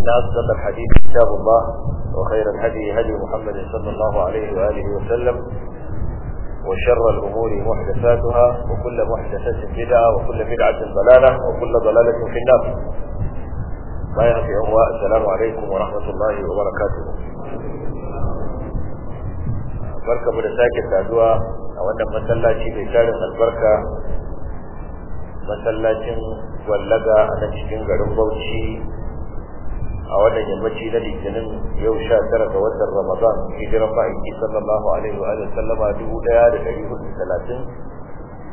إن أصدق الحديث كتاب الله وخير الهدي هدي محمد صلى الله عليه وآله وسلم وشر الأمور محدثاتها وكل محدثة بدعة وكل بدعة ضلالة وكل ضلالة في النار ما ينفي أمواء السلام عليكم ورحمة الله وبركاته بركة mu da sake saduwa a wannan masallaci mai tarin albarka masallacin gwallaga أنا شيء cikin garin a wannan yammaci na litinin yau sha tara ga watan ramadan hijiran ma'aiki sallallahu alaihi wa sallama dubu daya da dari hudu talatin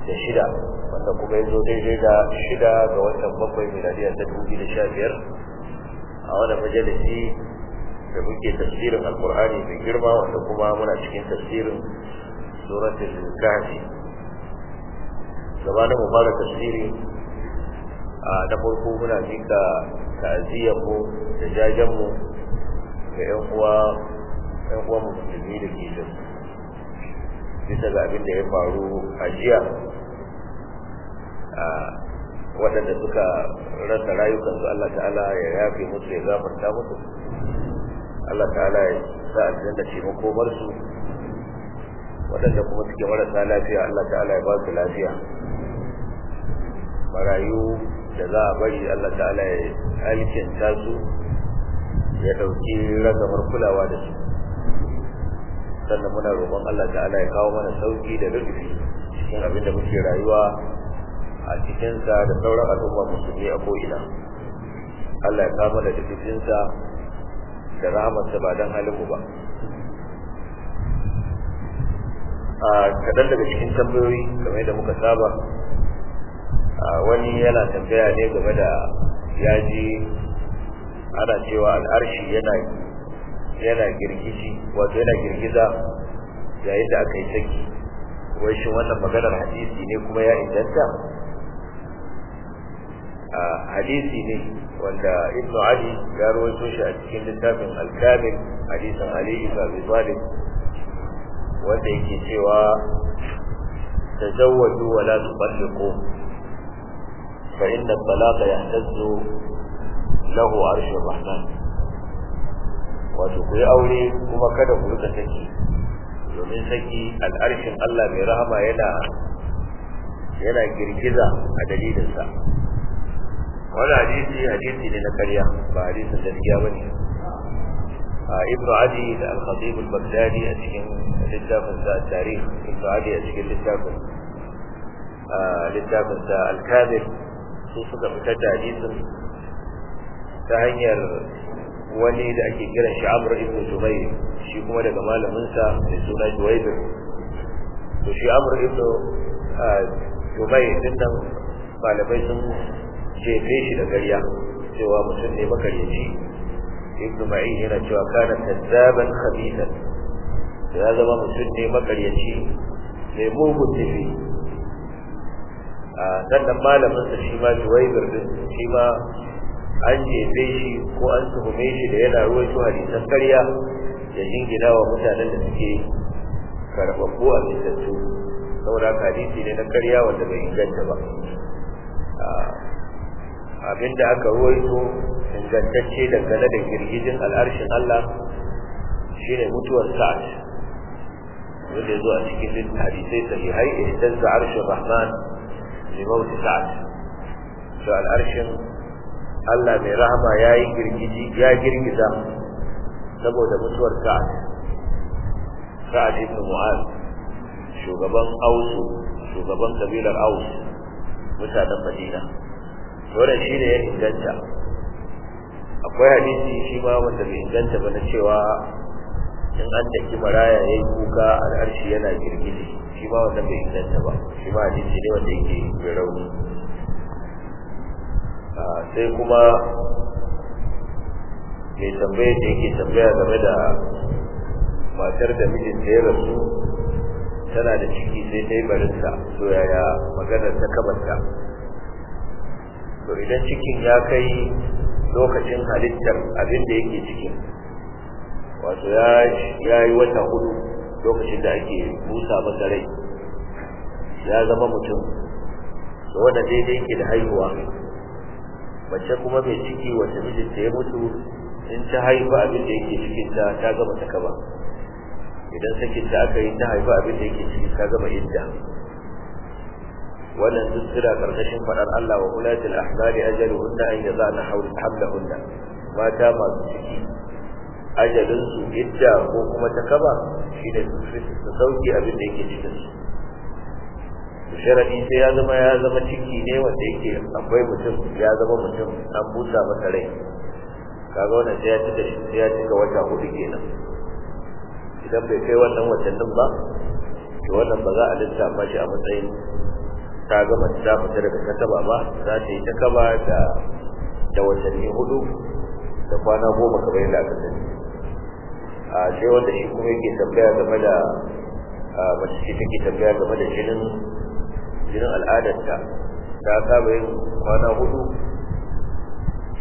da shida wanda kuma ya zo daidai da shida ga watan bakwai miladiyar ta dubu da sha biyar a wannan majalisi da muke tafsirin alkur'ani mai girma wanda kuma muna cikin tafsirin suratul kahfi gabanin mu fara tafsiri a na farko muna mika ta'aziyarmu da jajenmu ga 'yan uwa ‘yan uwa musulmi da ke da bisa ga abin da ya faru a jiya a waɗanda suka rasa rayukansu Allah ta'ala ya yafe musu ya zafarta musu Allah ta'ala ya sa aljanna ce su waɗanda kuma suke marasa lafiya Allah ta'ala ya ba su lafiya marayu da za a bari Allah ta'ala ya alkinta su ya dauki ragamar kulawa da su sannan muna roƙon Allah ta'ala ya kawo mana sauki da rufi cikin abin da muke rayuwa a cikinsa da sauran al'umma musulmi a ko'ina Allah ya kawo mana da cikinsa da rahamarsa ba don halinmu ba a kaɗan daga cikin tambayoyi game da muka saba wani yana tambaya ne game da yaji ana cewa al'arshi yana yana girgiji wato yana girgiza yayin da aka yi saki wai shi wannan maganar hadisi ne kuma ya inganta a hadisi ne wanda ibn ali ya rawaito shi a cikin littafin al-kamil hadisin ali ibn abi talib wanda yake cewa tazawwaju wa la tuballiqu فإن الطلاق يهتز له عرش الرحمن wato ku yi aure kuma kada ku rika saki domin saki al'arshin Allah mai rahama yana yana girgiza a dalilinsa wani hadisi hadisi ne na karya ba hadisin gaskiya ba ne a ibnu adi da al-khatib a cikin a cikin littafin su suka fitar da ta hanyar wani da ake kiran shi Amr ibn Zubair shi kuma daga malaminsa mai suna Juwaibir to shi Amur' ibn Zubair ah, din nan malamai sun jefe shi da ƙarya cewa mutum ne makaryaci ibn Ma'in yana cewa kana kazzaban khabisan ya zama mutum ne makaryaci mai mugun tafi sannan malamin sa shi ma juwaibir din shi ma an jefe shi ko an tuhume shi da yana ruwaito hadisan karya da jingina wa mutanen da suke karɓaɓɓu a mintattu saboda hadisi ne na karya wanda bai inganta ba abinda aka ruwaito ingantacce dangane da girgijin al'arshin Allah shine mutuwar sa'ad wanda ya zo a cikin hadisai sahihai idan da arshin rahman limauti sa'ad to al'arshin Allah mai rahama ya yi girgiji ya girgiza saboda mutuwar sa'ad sa'ad ibn mu'az shugaban aus shugaban kabilar aus mutanen madina wannan shi ne ya inganta akwai hadisi shi ma wanda bai inganta ba na cewa in an daki maraya yayi kuka al'arshi yana girgiji shi ba wanda bai inganta ba shi ma hadisi ne wanda yake mai rauni ah, sai kuma mai tambaya da yake tambaya game da matar da mijinta ya rasu tana da ciki sai ta yi barinta so yaya maganar ta kamanta to idan cikin ya kai lokacin halittar abinda yake cikin wato ya yi wata hudu lokacin da ake busa masa rai ya zama mutum da wanda daidai yake da haihuwa mace kuma mai ciki wata mijinta ya mutu in ta haifa abin da yake cikinta ta gama ta kaba idan sakin ta aka yi ta haifa abin da yake ciki ta gama idda wannan duk suna karkashin faɗar Allah wa ulatul ahbari ajaluhunna an yazana hawla hamlahunna mata masu ciki ajalin su idda ko kuma ta kaba shi ne su sauki abin da yake cikin su sharadi sai ya zama ya zama ciki ne wanda yake akwai mutum ya zama mutum an buta masa rai kaga wannan sai ya cika sai ya cika wata hudu kenan idan bai kai wannan watannin ba to wannan ba za a lissafa shi a matsayin ta gama ta fita daga kataba ba za ta yi ta kaba da da watanni hudu da kwana goma kamar yadda aka sani a sai wanda shi kuma yake tambaya game da wacce ce take tambaya game da jinin jinin al'adarta ta saba yin kwana hudu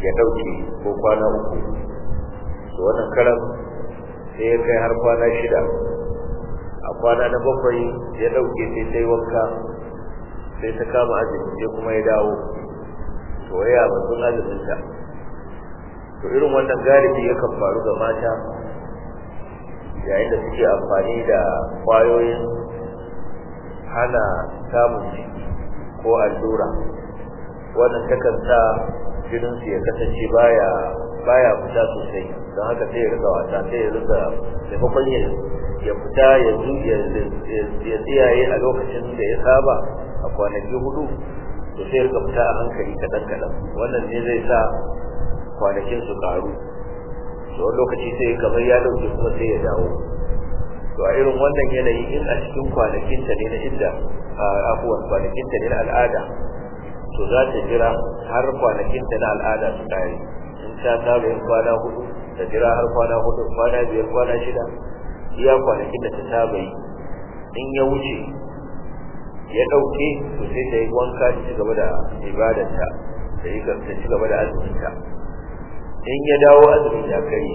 ya dauke ko kwana uku to wannan karam sai ya kai har kwana shida a kwana na bakwai ya dauke sai sai wanka sai ta kama azumi sai kuma ya dawo to ya sun azumin ta to irin wannan galibi yakan faru ga mata yayin da suke amfani da kwayoyin hana samun ciki ko allura wannan takan sa jininsu ya kasance baya baya fita sosai don haka sai ya rika wasa sai ya rika taimakon ya ya fita ya ya tsiyaye a lokacin da ya saba a kwanaki hudu to sai ya rika fita a hankali kaɗan kaɗan wannan ne zai sa kwanakin su karu to wani lokaci sai kamar ya dauke kuma sai ya dawo to a irin wannan yanayi in a cikin kwanakin ta ne na idda afuwan kwanakin ta ne na al'ada to za ta jira har kwanakin ta na al'ada su kare in ta saba yin kwana hudu ta jira har kwana hudu kwana biyar kwana shida iya kwanakin da ta saba yi in ya wuce ya dauke to sai ta yi wanka ta ci gaba da ibadarta ta yi ta ci gaba da azuminta in ya dawo azumi ya kare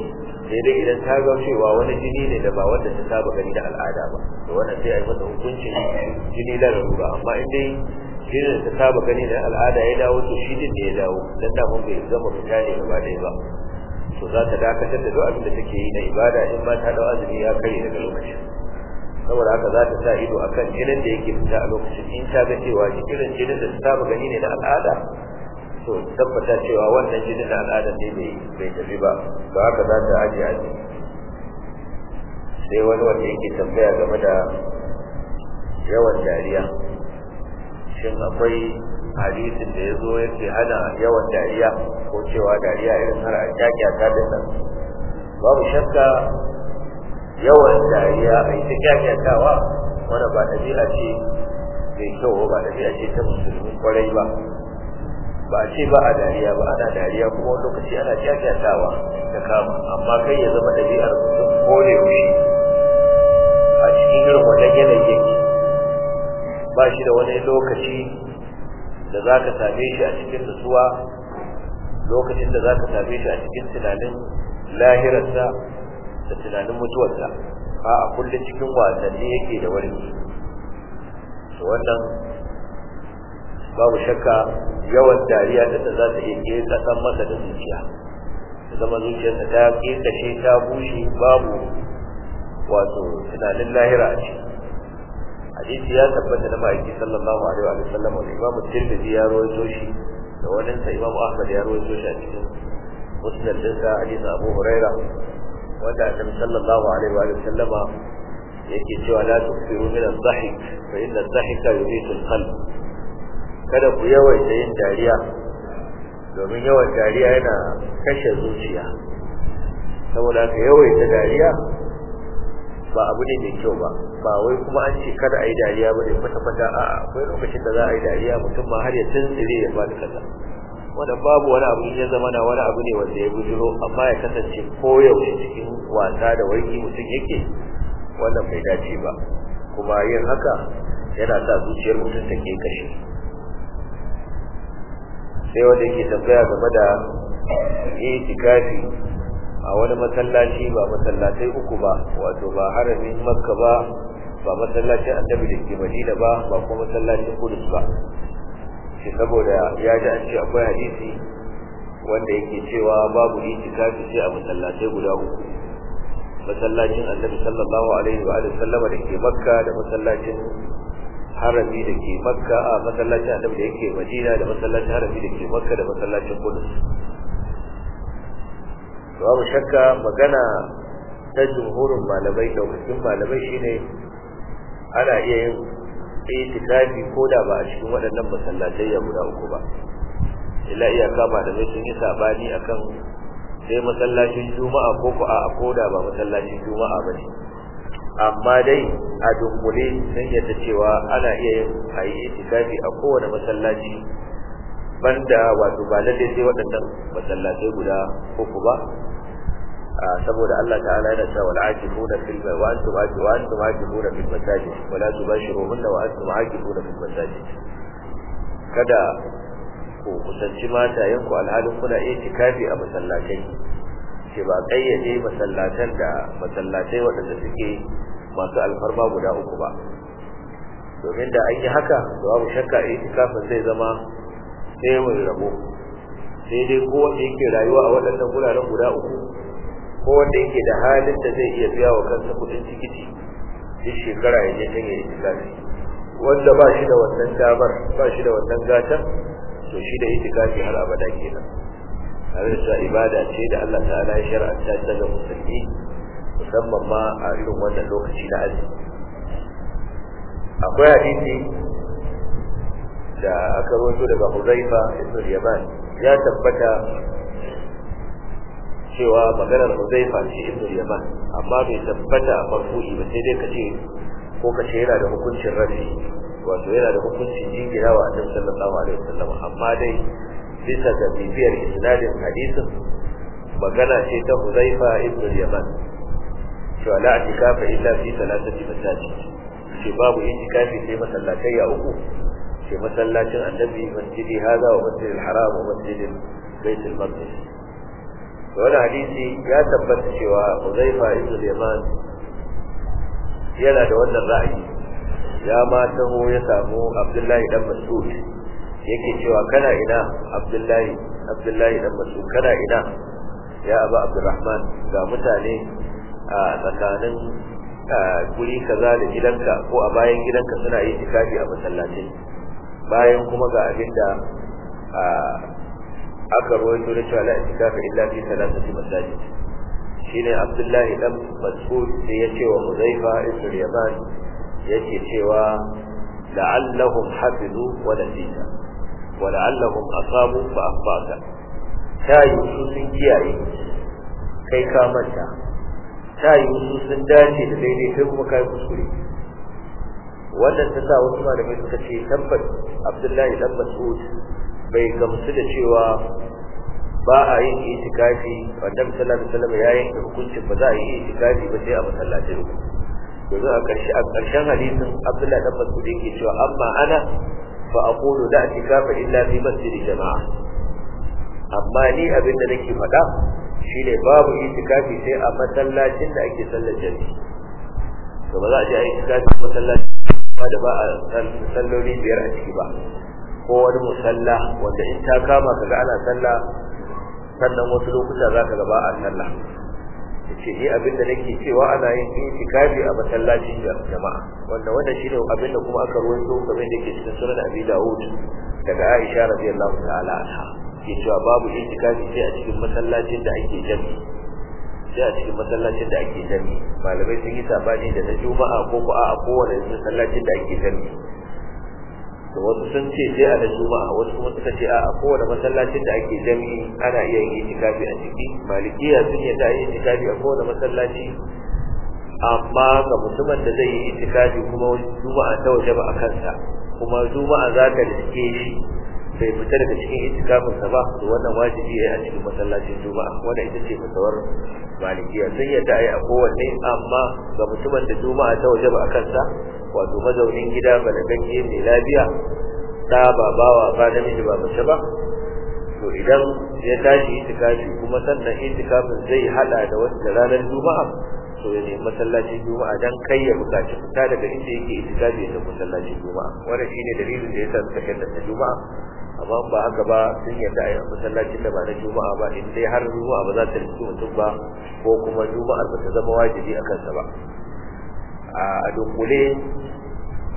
sai dai idan ta ga cewa wani jini ne da ba wanda ta saba gani da al'ada ba to wannan sai a yi masa hukuncin jini da rura amma in dai jini ta saba gani da al'ada ya dawo to shi din da ya dawo dan da mun bai zama fita ne gaba ɗaya ba to za ta dakatar da duk abin da take yi na ibada in ba ta dawo azumi ya kare daga lokacin saboda haka za ta sa ido akan jinin da yake fita a lokacin in ta ga cewa jinin da ta saba gani ne da al'ada to tabbata cewa wannan gidan da al'adar ne bai bai tafi ba to haka za ta aje aje sai wani wanda yake tambaya game da yawan dariya shin akwai hadisin da ya zo ya yake hana yawan dariya ko cewa dariya irin har a kyakyata da nan babu shakka yawan dariya a ita wa wani ba ɗabi'a ce mai kyau ba ɗabi'a ce ta musulmi kwarai ba ba a ce ba a dariya ba ana dariya kuma wani lokaci ana kyakkyatawa da kama amma kai ya zama ɗabi'ar mutum ko yaushe a cikin irin yanayi yake ba shi da wani lokaci da za ka same shi a cikin nutsuwa lokacin da za ka same shi a cikin tunanin lahirarsa da tunanin mutuwarsa ba a kulle cikin wasanni yake da wani wannan babu shakka yawan dariya da ta za ta iya ƙeta san masa da zuciya ta zama zuciyarsa ta ƙetashe ta bushe babu wato tunanin lahira a ciki hadisi ya tabbata na ma'aiki sallallahu alaihi wa sallam wani Imam tirmidhi ya rawaito shi da wani sa imamu ahmad ya rawaito shi a cikin musnad dinsa hadisi abu huraira wanda annabi sallallahu alaihi wa sallama yake cewa la tukfiru min az-dhahik fa inna az-dhahika yumitu al-qalb kada ku yawaita yin dariya domin yawan dariya yana kashe zuciya saboda ka yawaita dariya ba abu ne mai kyau ba ba wai kuma an ce kada a yi dariya ba ne fata-fata? a akwai lokacin da za a yi dariya mutum ma har ya tsire-tsire ya ba da kasa wanda babu wani abu ya zama na wani abu ne wanda ya bujiro amma ya kasance koyaushe cikin wasa da wani mutum yake wannan bai dace ba kuma yin haka yana sa zuciyar mutum take kashe sai wanda yake tambaya game da itikafi a wani masallaci ba masallatai uku ba wato ba haramin makka ba ba masallacin annabi da ke madina ba ba kuma masallacin kudus ba shi saboda ya ji an ce akwai hadisi wanda yake cewa babu itikafi sai a masallatai guda uku masallacin annabi sallallahu alaihi wa sallama da ke makka da masallacin harami da ke makka a masallacin adam da yake madina da masallacin harami da ke makka da masallacin kudus babu shakka magana ta jumhurin malamai da wakilin malamai shine ana iya yin itikafi ko da ba a cikin waɗannan masallatai ya guda uku ba illa iya kama da mai sun yi sabani akan sai masallacin juma'a ko ko ko da ba masallacin juma'a ba ne amma dai a dunkule sun yadda cewa ana iya yin a itikafi a kowane masallaci banda wato ba lalle sai wadannan masallatai guda uku ba saboda Allah ta'ala yana cewa wal aqifuna fil wa antum wa antum aqifuna fil masaji wa la hunna wa antum aqifuna fil masaji kada ku kusanci matayen ku alhalin kuna itikafi a masallatai ke ba kayyade masallatan da masallatai waɗanda suke masu alfarma guda uku ba domin da an yi haka babu shakka itikafin zai zama tsemin rabo sai dai ko wanda yake rayuwa a waɗannan guraren guda uku ko wanda yake da halin da zai iya biya wa kansa kuɗin tikiti duk shekara ya je kan ya tikafi wanda ba shi da wannan damar ba shi da wannan gata to shi da itikafi har abada kenan har da ibada ce da Allah ta'ala ya shar'anta ta ga musulmi musamman ma a irin wannan lokaci na aji akwai hadisi da aka rawaito daga Huzaifa ibn Yaman ya tabbata cewa maganar Huzaifa ce ibn Yaman amma bai tabbata a marfu'i ba sai dai kace ko kace yana da hukuncin rafi wato yana da hukuncin jingirawa a Annabi sallallahu alaihi wasallam amma dai bisa ga bibiyar isnadin hadisin magana ce ta Huzaifa ibn Yaman cewa la atikafa illa fi salatati masajid ce babu itikafi sai masallatai ya uku ce masallacin annabi masjidi hada wa masjidil haram wa masjidil baitul maqdis wani hadisi ya tabbata cewa Uzaifa ibn Yaman yana da wannan ra'ayi ya ma taho ya samu Abdullahi dan Mas'ud yake cewa kana ina Abdullahi Abdullahi dan Mas'ud kana ina ya Abu Abdurrahman ga mutane a tsakanin guri kaza da gidanka ko a bayan gidanka suna yi tikafi a masallacin bayan kuma ga abinda da aka rawaito da cewa la itikafa illa fi salatati masajid shine Abdullahi dan Mas'ud da ce wa Huzaifa ibn Yaman yake cewa la'allahum hafizu wa nasita wa la'allahum asabu fa afata tayi sun kiyaye kai ka manta ta yi wasu sun dace da daidai kai kuma kai kuskure wannan ta sa wasu malamai suka ce tabbat abdullahi dan mas'ud bai gamsu da cewa ba a yin itikafi wannan sallallahu alaihi wasallam ya yanke hukuncin ba za a yi itikafi ba sai a masallacin yanzu a ƙarshe a ƙarshen hadisin abdullahi dan mas'ud yake cewa amma ana fa aqulu la itikafa illa fi masjidil jama'a amma ni abin da nake faɗa ne babu itikafi sai a masallacin da ake sallar jami'i to ba za a ce a itikafi a da ba a salloli biyar a ciki ba ko wani musalla wanda in ta kama kaga ana sallah sannan wasu lokuta za ka gaba a sallah ce ni abin da nake cewa ana yin itikafi a da jama'a wanda wannan shine abin da kuma aka ruwaito kamar da ke cikin sunan Abi Dawud daga Aisha radiyallahu ta'ala anha ke cewa babu itikafi sai a cikin masallacin da ake jami sai a cikin masallacin da ake jami malamai sun yi sabani da na juma'a ko ko a kowane masallacin da ake jami to wasu sun ce sai a na juma'a wasu kuma suka ce a kowane masallacin da ake jami ana iya yin itikafi a ciki malikiya sun yi a yi itikafi a kowane masallaci amma ga mutumin da zai yi itikafi kuma juma'a ta waje ba a kansa kuma juma'a za ta riske shi bai fita daga cikin itikafin sa ba to wannan wajibi yayi a cikin masallacin juma'a wanda ita ce musawar malikiya sun ya ai a kowanne amma ga mutumin da juma'a ta wajaba a kansa wato mazaunin gida ba da balagagge mai lafiya da ba bawa ba namiji ba mace ba to idan ya tashi itikafi kuma sannan itikafin zai hada da wata ranar juma'a to ya nemi masallacin juma'a dan kai ya bukaci fita daga inda yake itikafi da masallacin juma'a wannan shine dalilin da yasa suka shaddata juma'a amma ba haka ba sun yarda a yi masallacin da ba na juma'a ba in dai har juma'a ba za ta rikici mutum ba ko kuma juma'ar ba ta zama wajibi a kansa ba a dunkule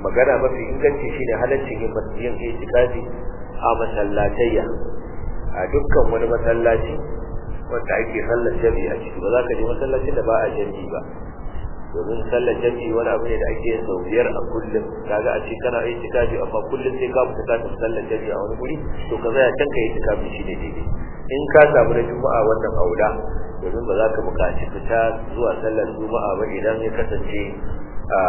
magana mafi inganci shine halaccin yin itikafi a masallatayya a dukkan wani masallaci wanda ake sallar jami'a ciki ba za ka je masallacin da ba a jami'i ba domin sallar jami'i wani abu ne da ake yin a kullum kaga a ce kana yin tikafi amma kullum sai ka fita ta sallar jami'i a wani guri to ka zaya can ka yi tikafi shi ne daidai in ka samu na juma'a wannan aula domin ba za ka buƙaci fita zuwa sallar juma'a ba idan ya kasance a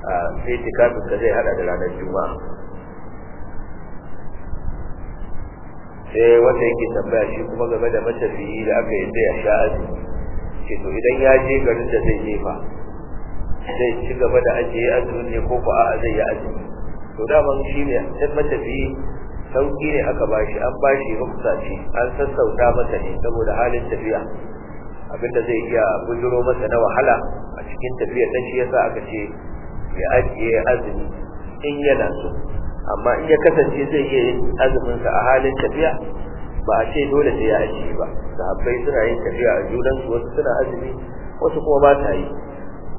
a sai tikafin ka zai hada da ranar juma'a sai wanda yake tambaya shi kuma game da matafiyi da aka yi sai a sha'ani ce to idan ya je garin da zai jefa zai ci gaba da ajiye azumin ne ko ko a'a zai yi azumi to daman shi ne duk matafiyi sauki ne aka bashi an bashi ruksa ce an sassauta masa ne saboda halin tafiya abinda zai iya bujuro masa na wahala a cikin tafiyar ta shi yasa aka ce ya ajiye azumi in yana so amma in ya kasance zai iya yin azumin sa a halin tafiya ba a ce dole sai ya ajiye ba sahabbai suna yin tafiya a junan su wasu suna azumi wasu kuma ba ta yi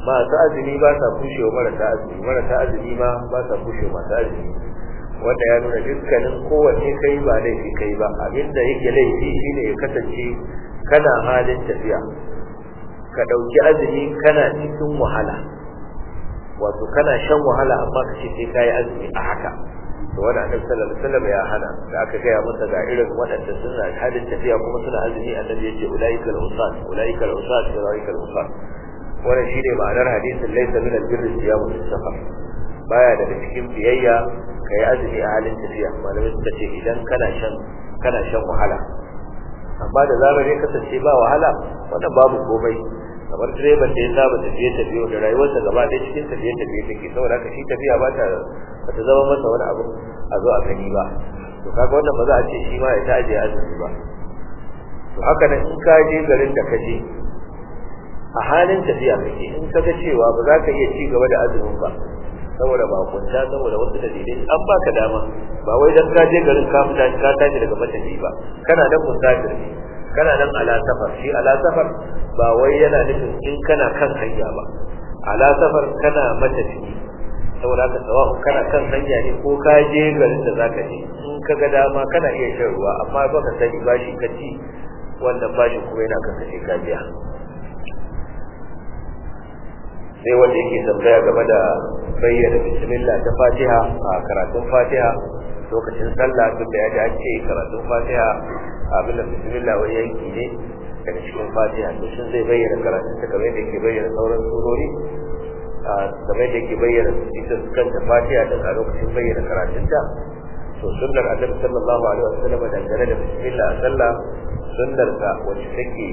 masu azumi ba sa wa marasa azumi marasa azumi ma ba sa wa masu azumi wanda ya nuna dukkanin kowace kai ba laifi kai ba abinda yake laifi shine ya kasance kana halin tafiya ka dauki azumi kana cikin wahala wato kana shan wahala amma kace sai kai azumi a haka to wani annabi sallallahu alaihi wasallam ya hana da aka gaya masa ga irin waɗanda suna halin tafiya kuma suna azumi annabi ya ce ulaika al-usat ulaika al-usat usat wannan shine ma'anar hadisin laysa min al-birri siyamu safar baya da cikin biyayya kai azumi a halin tafiya malamai suka ce idan kana shan kana shan wahala amma da zarar ya kasance ba wahala wannan babu komai kamar direban da ya saba tafiye tafiye da rayuwarsa gaba ɗaya cikin tafiye tafiye take saboda haka shi tafiya ba ta ba ta zama masa wani abu a zo a gani ba to kaga wannan ba za a ce shi ma ya taje azumi ba to haka nan in ka je garin da ka je a halin tafiya kake in ka ga cewa ba za ka iya ci gaba da azumin ba saboda ba kunta saboda wasu dai an ba ka dama ba wai dan ka je garin ka fita ka tashi daga matafi ba kana da kunta ne kana nan ala safar shi ala safar ba wai yana nufin in kana kan hanya ba ala safar kana matafi saboda ka sawa'u kana kan hanya ne ko ka je garin da zaka je in ka ga dama kana iya shan ruwa amma ba ka sani bashi ka ci wannan bashin kuma yana kan ka sai wanda yake tambaya game da bayyana bismillah ta fatiha a karatun fatiha lokacin sallah duk da ya ji an ce karatun fatiha abin da bismillah wani yanki ne daga cikin fatiha to shin zai bayyana karatun ta kamar yadda yake bayyana sauran surori kamar yadda yake bayyana ita kanta fatiha din a lokacin bayyana karatun ta to sunnar annabi sallallahu alaihi wasallam dangane da bismillah sallah sunnar ta wacce take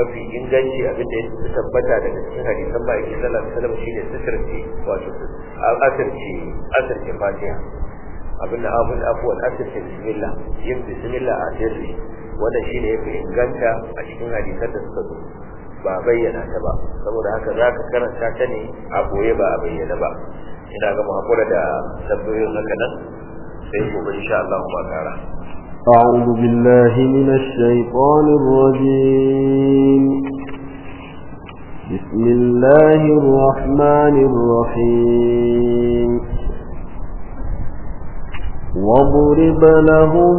mafi inganci abin da ya tabbata daga cikin hadisan ba yake sallallahu alaihi wasallam ne sitirce wato asirci asirci fatiha abin abin afuwan asirta bismillah yin bismillah a sirri wanda shi shine yafi inganta a cikin hadisan da suka zo ba bayyana ta ba saboda haka za ka karanta ta ne a goye ba a bayyana ba ina ga mu hakura da sabbirin haka nan sai gobe insha Allah ba kara أعوذ بالله من الشيطان الرجيم بسم الله الرحمن الرحيم وَاضْرِبْ لَهُم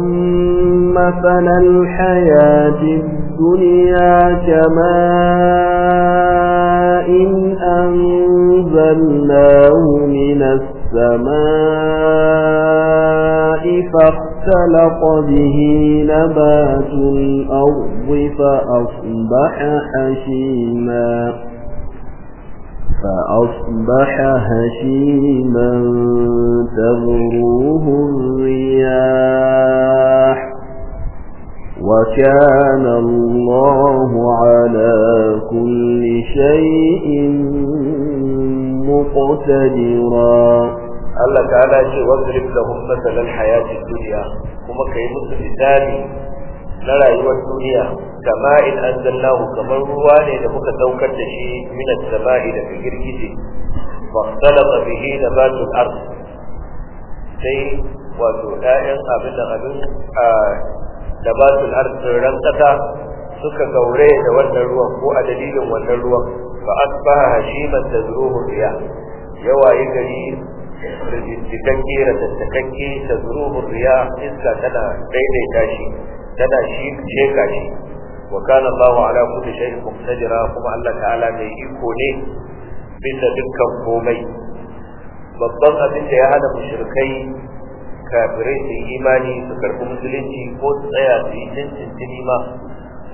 مَّثَلَ الْحَيَاةِ الدُّنْيَا كَمَاءٍ أَنزَلْنَاهُ مِنَ السَّمَاءِ فَاخْتَلَطَ بِهِ نَبَاتُ الْأَرْضِ فَأَصْبَحَ حَشِيمًا فأصبح هشيما تغروه الرياح وكان الله على كل شيء مقتدرا الله تعالى شيء واضرب لهم مثل الحياة الدنيا وما في الثاني نرى يوى الدنيا kama'in anzalnahu kamar ruwa ne da muka daukar da shi min as-sama'i daga girgije fa khalaqa bihi nabatul ard sai wato ɗayan abin da abin a nabatul kasa suka gaure da wannan ruwan ko a dalilin wannan ruwan fa asbaha hashiman tazruhu riyah yawaye gari rijiddakke da iska tana daidaita shi tana shi wa kana Allahu ala kulli shay'in muqtadira kuma Allah ta'ala mai iko ne bisa dukkan komai babban abin da ya hana mushrikai kafirai su imani su karbi musulunci ko su tsaya su yi cincin ma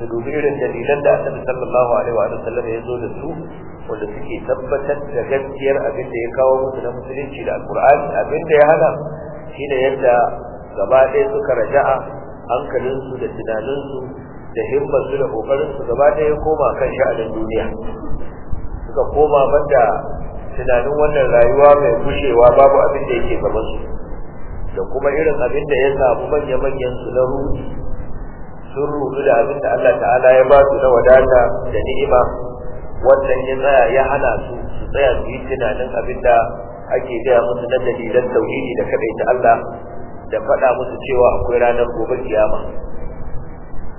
su dubi irin dalilan da annabi sallallahu alaihi wa sallam ya zo da su wanda suke tabbatar da gaskiyar abin da ya kawo musu na musulunci da alkur'ani abin da ya hana shine yadda gaba ɗaya suka raja'a hankalinsu da tunaninsu da himmar su da kokarin su gaba ya koma kan sha'anin duniya suka koma banda tunanin wannan rayuwa mai gushewa babu abin da yake gaban su da kuma irin abin da ya samu manya-manyan su na ruhi sun rudu da abin da Allah ta'ala ya ba su na wadata da ni'ima wannan ya tsaya ya hana su su tsaya su yi tunanin abin da ake gaya musu na dalilan tauhidi da kadai ta Allah da faɗa musu cewa akwai ranar gobe kiyama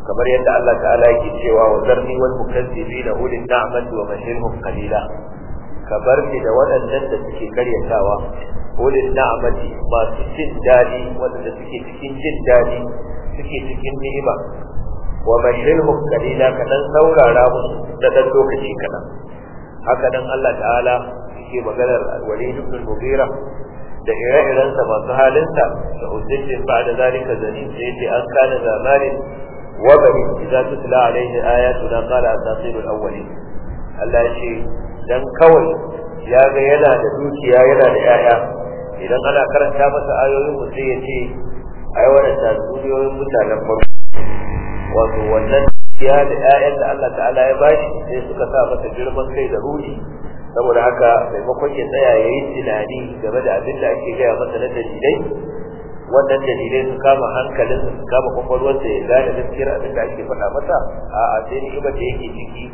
kamar yadda Allah ta'ala yake cewa wa zarni wal mukazzibina ulil ni'mati wa bashirhum qalila kabar ni da waɗannan da suke karyatawa ulil ni'mati masu cin dadi waɗanda suke cikin jin dadi suke cikin ni'ima wa bashirhum qalila kadan saurara musu da dan lokaci kadan haka dan Allah ta'ala yake maganar al-walid ibn mughira da ire-irensa masu halinsa, da hujjajin ba da zalika zani sai yake an kana zamanin وبني إذا تتلى عليه آياتنا قال أساطير الأولين Allah ya ce dan kawai ya ga yana da dukiya yana da yaya idan ana karanta masa ayoyin mu sai ya ce ai wannan tasiriyoyin mutanen farko wato wannan dukiya da yayan da Allah ta'ala ya bashi sai suka sa masa girman kai da ruhi saboda haka maimakon ya tsaya ya yi tunani game da abin da ake gaya masa na dalilai wannan dalilai su kama hankalinsa su kama kwakwalwarsa ya gane gaskiyar abin da ake faɗa masa a a sai ni'imar da yake ciki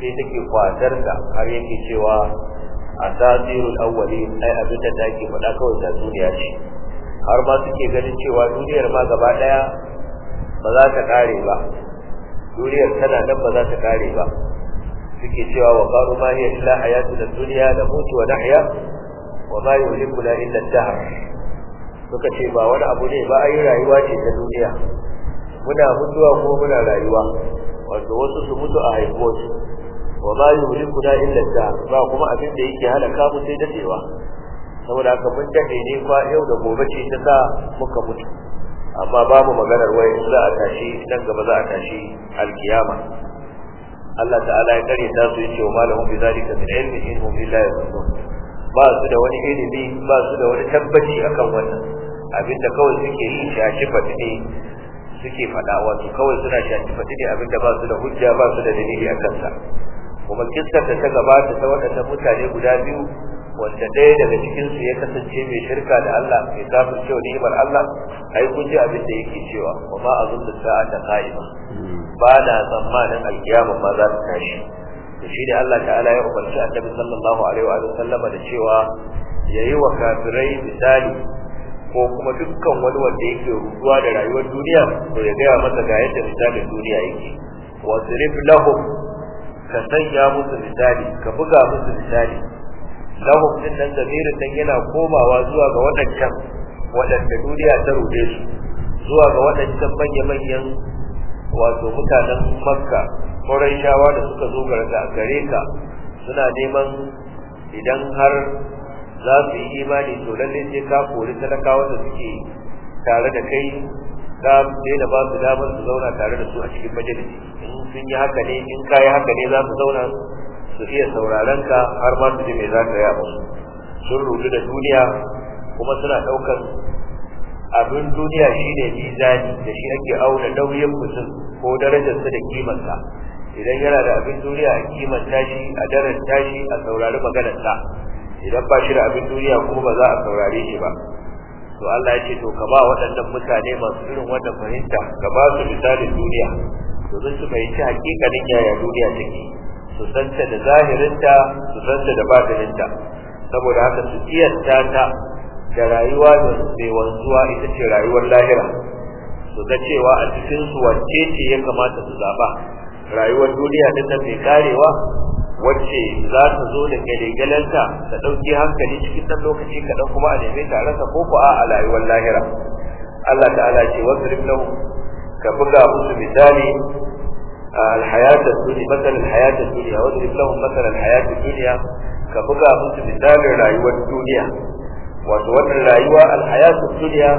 sai take kwatar da har yake cewa a tasirul awwali ai abin da take faɗa kawai ta duniya ce har ma suke ganin cewa duniyar ma gaba ɗaya ba za ta ƙare ba duniyar tana nan ba za ta ƙare ba suke cewa wa qaru ma hiya illa hayatuna dunya namutu wa nahya wa ma yuhlikuna illa ad-dahr suka ce ba wani abu ne ba yi rayuwa ce ta duniya muna mutuwa ko muna rayuwa wato wasu su mutu a haihuwa su wa ma yuhlikuna illa ba kuma abin da yake halaka mu sai dadewa saboda haka mun dade ne fa yau da gobe ce ta sa muka mutu amma babu maganar wai za a tashi nan gaba za a tashi alkiyama Allah ta'ala ya kare ta su yace wa malahum bi zalika min ilmin in hum illa yadhunun ba su da wani ilimi ba su da wani tabbaci akan wannan abinda kawai suke yi shaci faɗi ne suke faɗa wato kawai suna shaci faɗi ne abinda ba su da hujja ba su da dalili a kansa kuma kissar da ta gabata ta waɗannan mutane guda biyu wanda ɗaya daga cikinsu ya kasance mai shirka da Allah mai kafin cewa ni'imar Allah ai kun ji abin da yake cewa wa ma azun da sa'a ta qa'ima ba na tsammanin alkiyama ma za ta tashi to shi da Allah ta'ala ya umarci annabi sallallahu alaihi wa sallama da cewa yayi wa kafirai misali ko kuma dukkan wani wanda yake rubuwa da rayuwar duniya to ya gaya masa ga yadda misalin duniya yake wasrif lahum ka sanya musu misali ka buga musu misali lahum din nan da zamirin dan yana komawa zuwa ga waɗancan waɗanda duniya ta rude su zuwa ga waɗancan manya-manyan wato mutanen makka ƙurai shawa da suka zo gare ka suna neman idan har za su yi imani to lalle sai ka kori talakawa da suke tare da kai ka daina ba su damar su zauna tare da su a cikin majalisi in sun yi haka ne in ka yi haka ne za su zauna su iya sauraron ka har ma su ji me za ka yi sun rudu da duniya kuma suna ɗaukar abin duniya shine mizani da shi ake auna nauyin mutum ko darajarsa da kimarsa idan yana da abin duniya a kimar tashi, a daren tashi a saurari maganarsa idan ba shi da abin duniya kuma ba za a saurare shi ba to Allah ya ce to ka ba waɗannan mutane masu irin wannan fahimta ka ba su misalin duniya zan su fahimci hakikanin yaya duniya take su santa da zahirinta su santa da batininta saboda haka su iyanta ta da rayuwa mai wanzuwa ita ce rayuwar lahira su ga cewa a cikin su wacce ce ya kamata su zaba rayuwar duniya din nan mai karewa wacce za ta zo da galegalanta ta ɗauki hankali cikin ɗan lokaci kaɗan kuma a neme ta rasa ko ko a rayuwar lahira Allah ta'ala ce wasu rifnau ka buga musu misali الحياة الدنيا مثل الحياة الدنيا واضرب لهم مثل الحياة الدنيا كبقى مثل مثال رايوة الدنيا وتوان رايوة الحياة الدنيا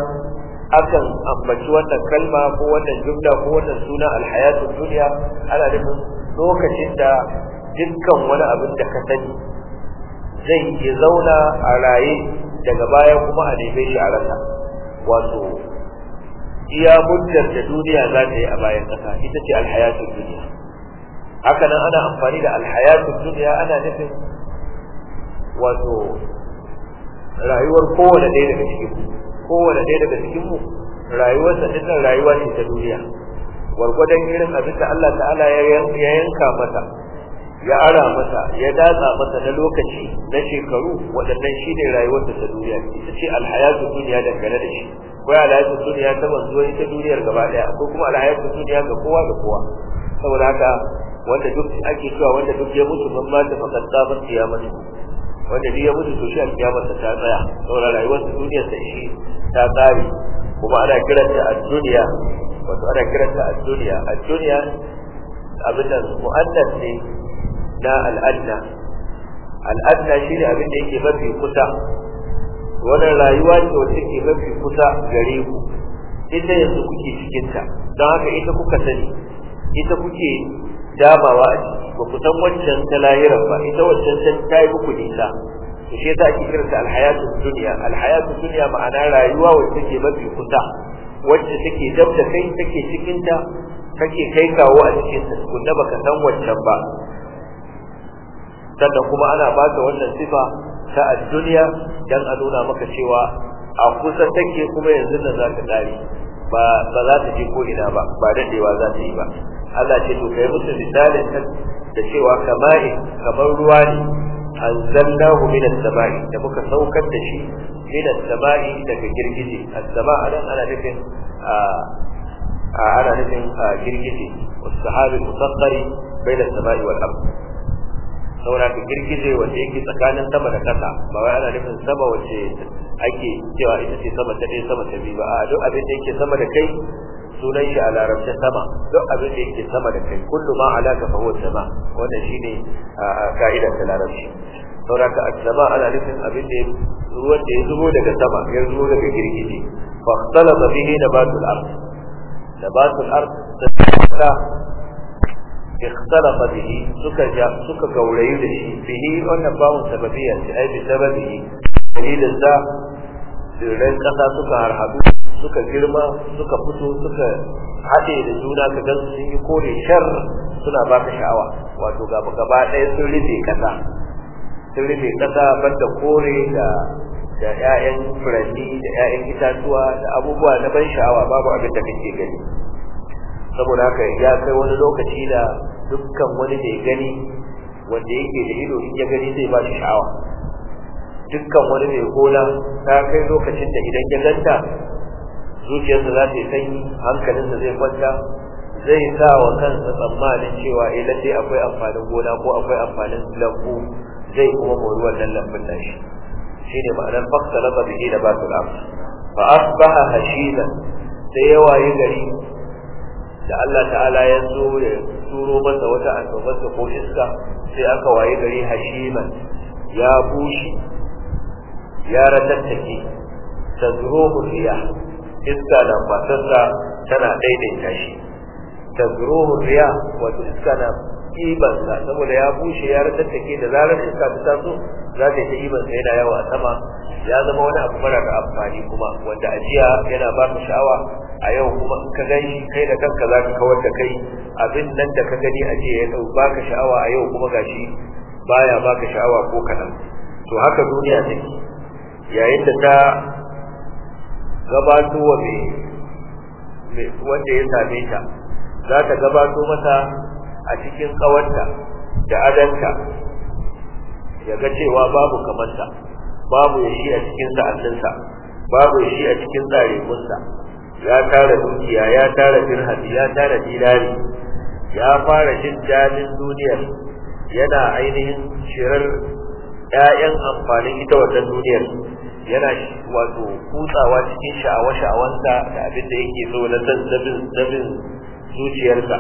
akan ambaci watan kalma ko wannan jumla ko wannan suna alhayatu dunya ana nufin lokacin da dukkan wani abin da ka sani zai iya zauna a raye daga baya kuma a neme shi a rasa wato iya muddar da duniya za ta yi a bayan ƙasa ita ce alhayatun duniya haka nan ana amfani da alhayatun duniya ana nufin wato rayuwar kowane ɗaya daga cikin kowane ɗaya daga cikin mu rayuwar sa dukkan rayuwa ce ta duniya gwargwadon irin abin da Allah ta'ala ya yanka mata ya ara mata ya datsa mata na lokaci na shekaru waɗannan shi ne rayuwarsa ta duniya ita ce alhayatu duniya dangane da shi ko alhayatu duniya ta ban zuwa ita duniyar gaba ɗaya ko kuma alhayatu duniya ga kowa ga kowa saboda haka wanda duk ake cewa wanda duk ya mutu ban mata fakat tsabar kiyamar wanda duk ya mutu to shi alkiyamar ta tsaya saboda rayuwar duniyar ta shi ta tsare kuma ana kiranta a duniya wato ana kiranta a duniya a duniya abin nan mu'annas ne na al'adna al'adna shi ne abin da yake mafi kusa wannan rayuwa ce wacce ke mafi kusa gare ku ita yanzu kuke cikinta don haka ita kuka sani ita kuke damawa a ciki ba ku san wancan ta lahiran ba ita wancan ta ta yi muku nisa to shi yasa ake kiranta alhayatu duniya alhayatu duniya ma'ana rayuwa wacce ke mafi kusa wacce take dab da kai take cikinta kake kai kawo a cikin ta kunna baka san wancan ba sannan kuma ana baka wannan sifa ta addunya, dunya dan a nuna maka cewa a kusa take kuma yanzu nan zaka dare ba ba za ta je ko ina ba ba dadewa za ta yi ba Allah ce to kai musu misalin da cewa kama'i kamar ruwa ne anzalnahu min as-sama'i da muka saukar da shi min as-sama'i daga girgije as-sama'a dan ana nufin a ana nufin girgije wasu sahabi musaqqari bayna as-sama'i wal-ard saboda ka girgije wanda yake tsakanin sama da ƙasa ba wai ana nufin sama wacce ake cewa ita ce sama ta ɗaya sama ta biyu ba a duk abin da yake sama da kai sunan shi a larabce sama duk abin da yake sama da kai kullu ma alaka fa huwa sama wannan shine ka'idar ta larabci saboda ka sama ana nufin abin da ruwan da ya zubo daga sama ya zubo daga girgije fa ikhtalafa bihi nabatul ard nabatul ard ta ikhtalafa bihi suka ja gaurayi da shi bihi wannan bawon sababiyya ce ai bi sababihi dalilin da tsirrai kasa suka harhaɗu suka girma suka fito suka haɗe da juna ka gan sun yi kore shar suna baka sha'awa wato gaba gaba ɗaya sun rufe kasa sun rufe kasa banda kore da yayan ƴaƴan furanni da yayan itatuwa da abubuwa na ban sha'awa babu abin da kake gani saboda haka ya kai wani lokaci da dukkan wani da ya gani wanda yake da ido in ya gani zai ba shi sha'awa dukkan wani mai gona ta kai lokacin da idan ya ganta zuciyarsa za ta yi sanyi hankalinsa zai kwanta zai sa wa kansa tsammanin cewa eh lalle akwai amfanin gona ko akwai amfanin lambu zai kuma mori wannan lambun nan shi ne ma'anar fakta laba bihi da Ba batul amr fa asbaha hashidan sai ya waye gari da Allah ta'ala ya zo ya turo masa wata annobarsa ko iska sai aka waye gari hashiman ya bushe ya ratattake tazruhu riya iska na fasarsa tana daidaita shi tazruhu riya wata iska na ibansa saboda ya bushe ya ratattake da zarar iska ta taso za ta yi ibansa yana yawa sama ya zama wani abu mara da amfani kuma wanda ajiya yana ba ka sha'awa a yau kuma in ka gani kai da kanka za ka kawar da kai abin nan da ka gani a jiya ya baka sha'awa a yau kuma gashi baya baka sha'awa ko kaɗan to haka duniya take yayin da ta gabato wa mai wanda ya same ta za ta gabato masa a cikin kawarta da adanta ya ga cewa babu kamarsa, babu shi a cikin sa'adinsa babu shi a cikin tsarekunsa ya tara dukiya ya tara dirhami ya tara dinari ya fara jin dadin duniyar yana ainihin shirar ƴaƴan amfanin ita wannan duniyar yana wato kutsawa cikin sha'awa-sha'awansa da abin da yake so na zabin zuciyarsa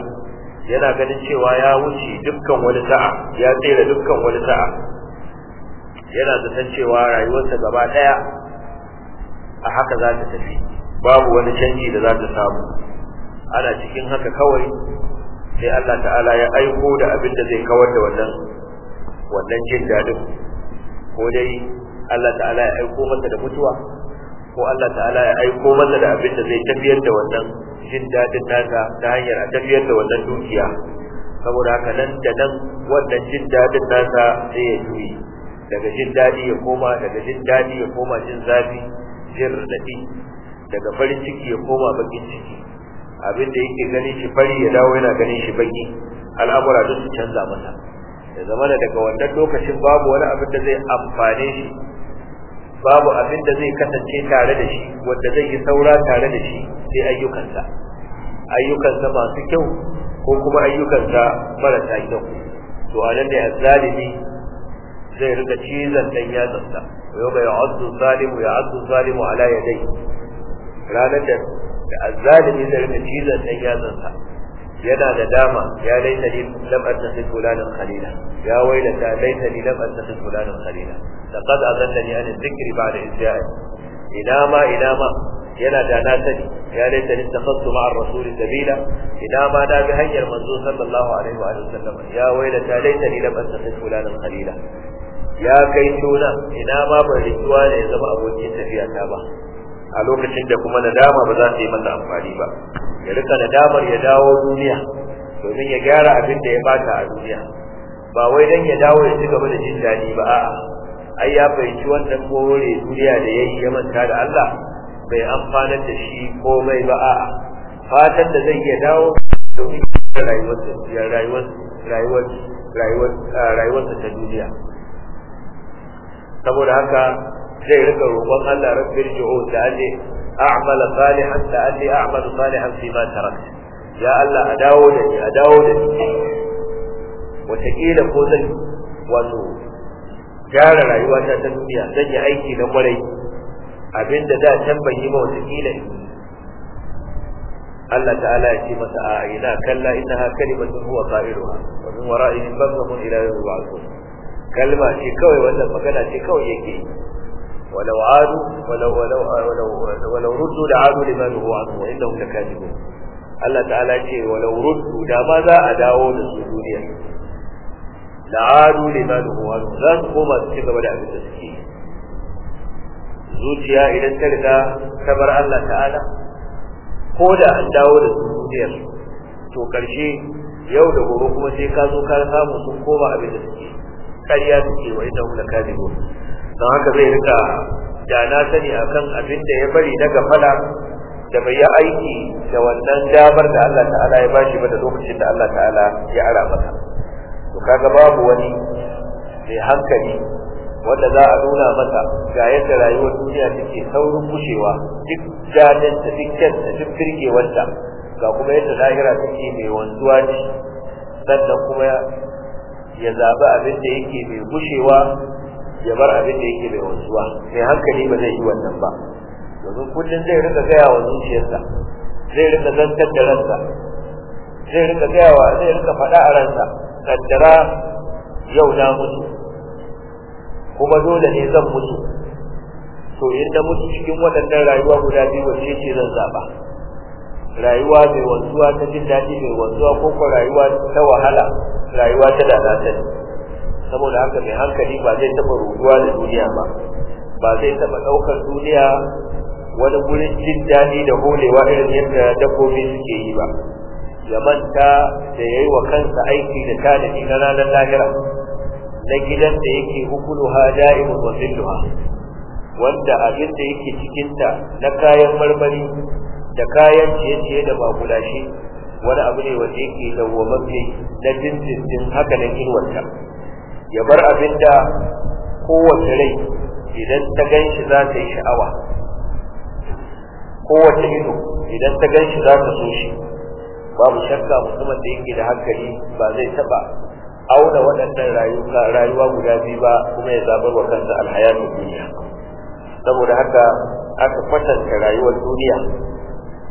yana ganin cewa ya wuce dukkan wani sa'a ya tsere dukkan wani sa'a yana zaton cewa rayuwarsa gaba ɗaya a haka za ta tafi babu wani canji da za ta samu ana cikin haka kawai sai Allah ta'ala ya aiko da abin da zai kawar da wannan wannan jin dadin ko dai Allah ta'ala ya aiko masa da mutuwa ko Allah ta'ala ya aiko masa da abin da zai tafiyar da wannan jin dadin nasa ta hanyar a tafiyar da wannan dukiya saboda haka nan da nan wannan jin dadin nasa zai ya juyi daga jin dadi ya koma daga jin dadi ya koma jin zafi jin radadi daga farin ciki ya koma bakin ciki abin da yake ganin shi fari ya dawo yana ganin shi baki al'amura duk su canza masa Da zama da daga wannan lokacin babu wani abin da zai amfane shi babu abin da zai kasance tare da shi wanda zai yi saura tare da shi sai ayyukansa ayyukansa masu kyau ko kuma ayyukansa marasa kyau to anan ne zalimi zai riga cizon dan yatsansa wa yau bai ya'addu zalimu ya'addu zalimu ala yadayhi ranar da da azzalimi zai rika cizon dan sa, yana da dama ya laita ni lam attakhid fulanan khalila ya wailata laita ni lam attakhid fulanan khalila laqad azallani an dhikri ba'da izya'i ina ma ina ma yana da na sani ya laita ni takhassu ma'ar rasul sabila ina ma da bi hanyar manzo sallallahu alaihi wa sallam ya wailata laita ni lam attakhid fulanan khalila ya kai tona ina ma ban rikuwa ne zama abokin tafiya ta ba a lokacin da kuma nadama ba za ta yi masa amfani ba ya rika nadamar ya dawo duniya domin ya gyara abin da ya bata a duniya ba wai dan ya dawo ya ci gaba da jin daɗi ba a'a ai ya fahimci wannan kore duniya da yayi ya manta da Allah bai amfana da shi komai ba a'a fatan da zai iya dawo domin rayuwarsa rayuwarsa ta duniya saboda haka zai rika roƙon Allah rabbir ju'ud da alli a'mala salihan da alli a'malu salihan fi ma tarakt ya Allah a dawo da ni a dawo da ni wataƙila ko zan wato gyara rayuwata ta duniya zan yi aiki na kwarai abinda da can ban yi ba wataƙila Allah ta'ala ya ce masa a ina kalla innaha kalimatun huwa qailuha wa min wara'ihim barzakhun ila yawm yub'athun kalma ce kawai wannan magana ce kawai yake yi ولو عادوا ولو ولو ولو, ولو ردوا لعادوا لما هو عنه وإنهم لكاذبون Allah ta'ala ce walau ruddu da ma a dawo da su duniya la'adu liman huwa za su koma su gaba da abin da suke zuciya idan ta riga ta bar Allah ta'ala ko da an dawo da su duniya to karshe yau da gobe kuma sai ka zo samu sun koma abin da suke suke don haka zai rika da na sani akan abin da ya bari na gafala da bai yi aiki da wannan damar da Allah ta'ala ya bashi ba da lokacin da Allah ta'ala ya ara masa to kaga babu wani mai hankali wanda za a nuna masa ga yadda rayuwar duniya take saurin kushewa duk janin da duk kyanta duk ga kuma yadda lahira take mai wanzuwa ne sannan kuma ya zaɓi abin da yake mai gushewa ya bar abin da yake mai wasuwa mai hankali ba zai yi wannan ba domin kullum zai rinka gaya wa zuciyarsa zai rinka zantar da ransa zai rinka gaya wa zai rinka faɗa a ransa kaddara yau na mutu kuma dole ne zan mutu to inda mutu cikin waɗannan rayuwa guda biyu wace ce zan zaɓa rayuwa mai wasuwa ta jin daɗi mai wasuwa ko ko rayuwa ta wahala rayuwa ta ne. saboda haka mai hankali ba zai taba rubuwa da duniya ba ba zai taba ɗaukar duniya wani gurin jin daɗi da holewa irin yadda dabbobi suke yi ba ya manta da ya yi wa kansa aiki da tanadi na ranar lahira na gidan da yake ha da'imun wa zilluha wanda abin da yake cikinta na kayan marmari da kayan ciye-ciye da bakulashi wani abu ne wanda yake mafi na jinjin haka na inwanta. ya bar abin da kowace rai idan ta gan shi za ta yi sha'awa kowace ido idan ta gan shi za ta so shi babu shakka musamman da yake da hankali ba zai taba auna waɗannan rayuwa guda biyu ba kuma ya zabar wa kansa alhayatu duniya saboda haka aka kwatanta rayuwar duniya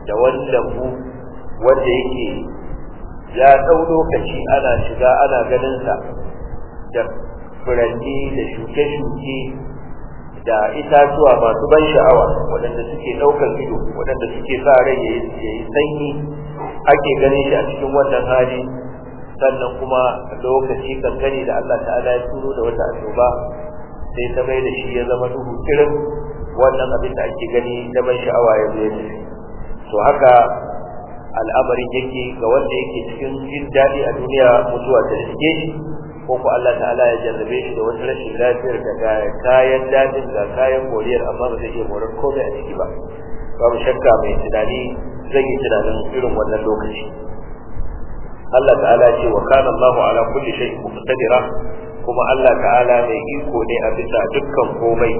da wannan mu wanda yake ya ɗau lokaci ana shiga ana ganin sa da furanni da shuke-shuke da itatuwa masu ban sha'awa waɗanda suke ɗaukar ido waɗanda suke sa rai ya yi sanyi ake gani shi a cikin wannan hali sannan kuma lokaci kankani da Allah ta'ala ya turo da wata annoba sai ta mai da shi ya zama duhu kirin wannan abin da ake gani na ban sha'awa ya zo to haka al'amarin yake ga wanda yake cikin jin daɗi a duniya mutuwa ta shige shi ko ku Allah ta'ala ya jarrabe shi da wata rashin lafiyar da kayan dadin ga kayan moriyar amma ba zai iya morar komai a ciki ba babu shakka mai tunani zai yi tunanin irin wannan lokaci Allah ta'ala ce wa kana Allah ala kulli shay'in muqtadira kuma Allah ta'ala mai iko ne a bisa dukkan komai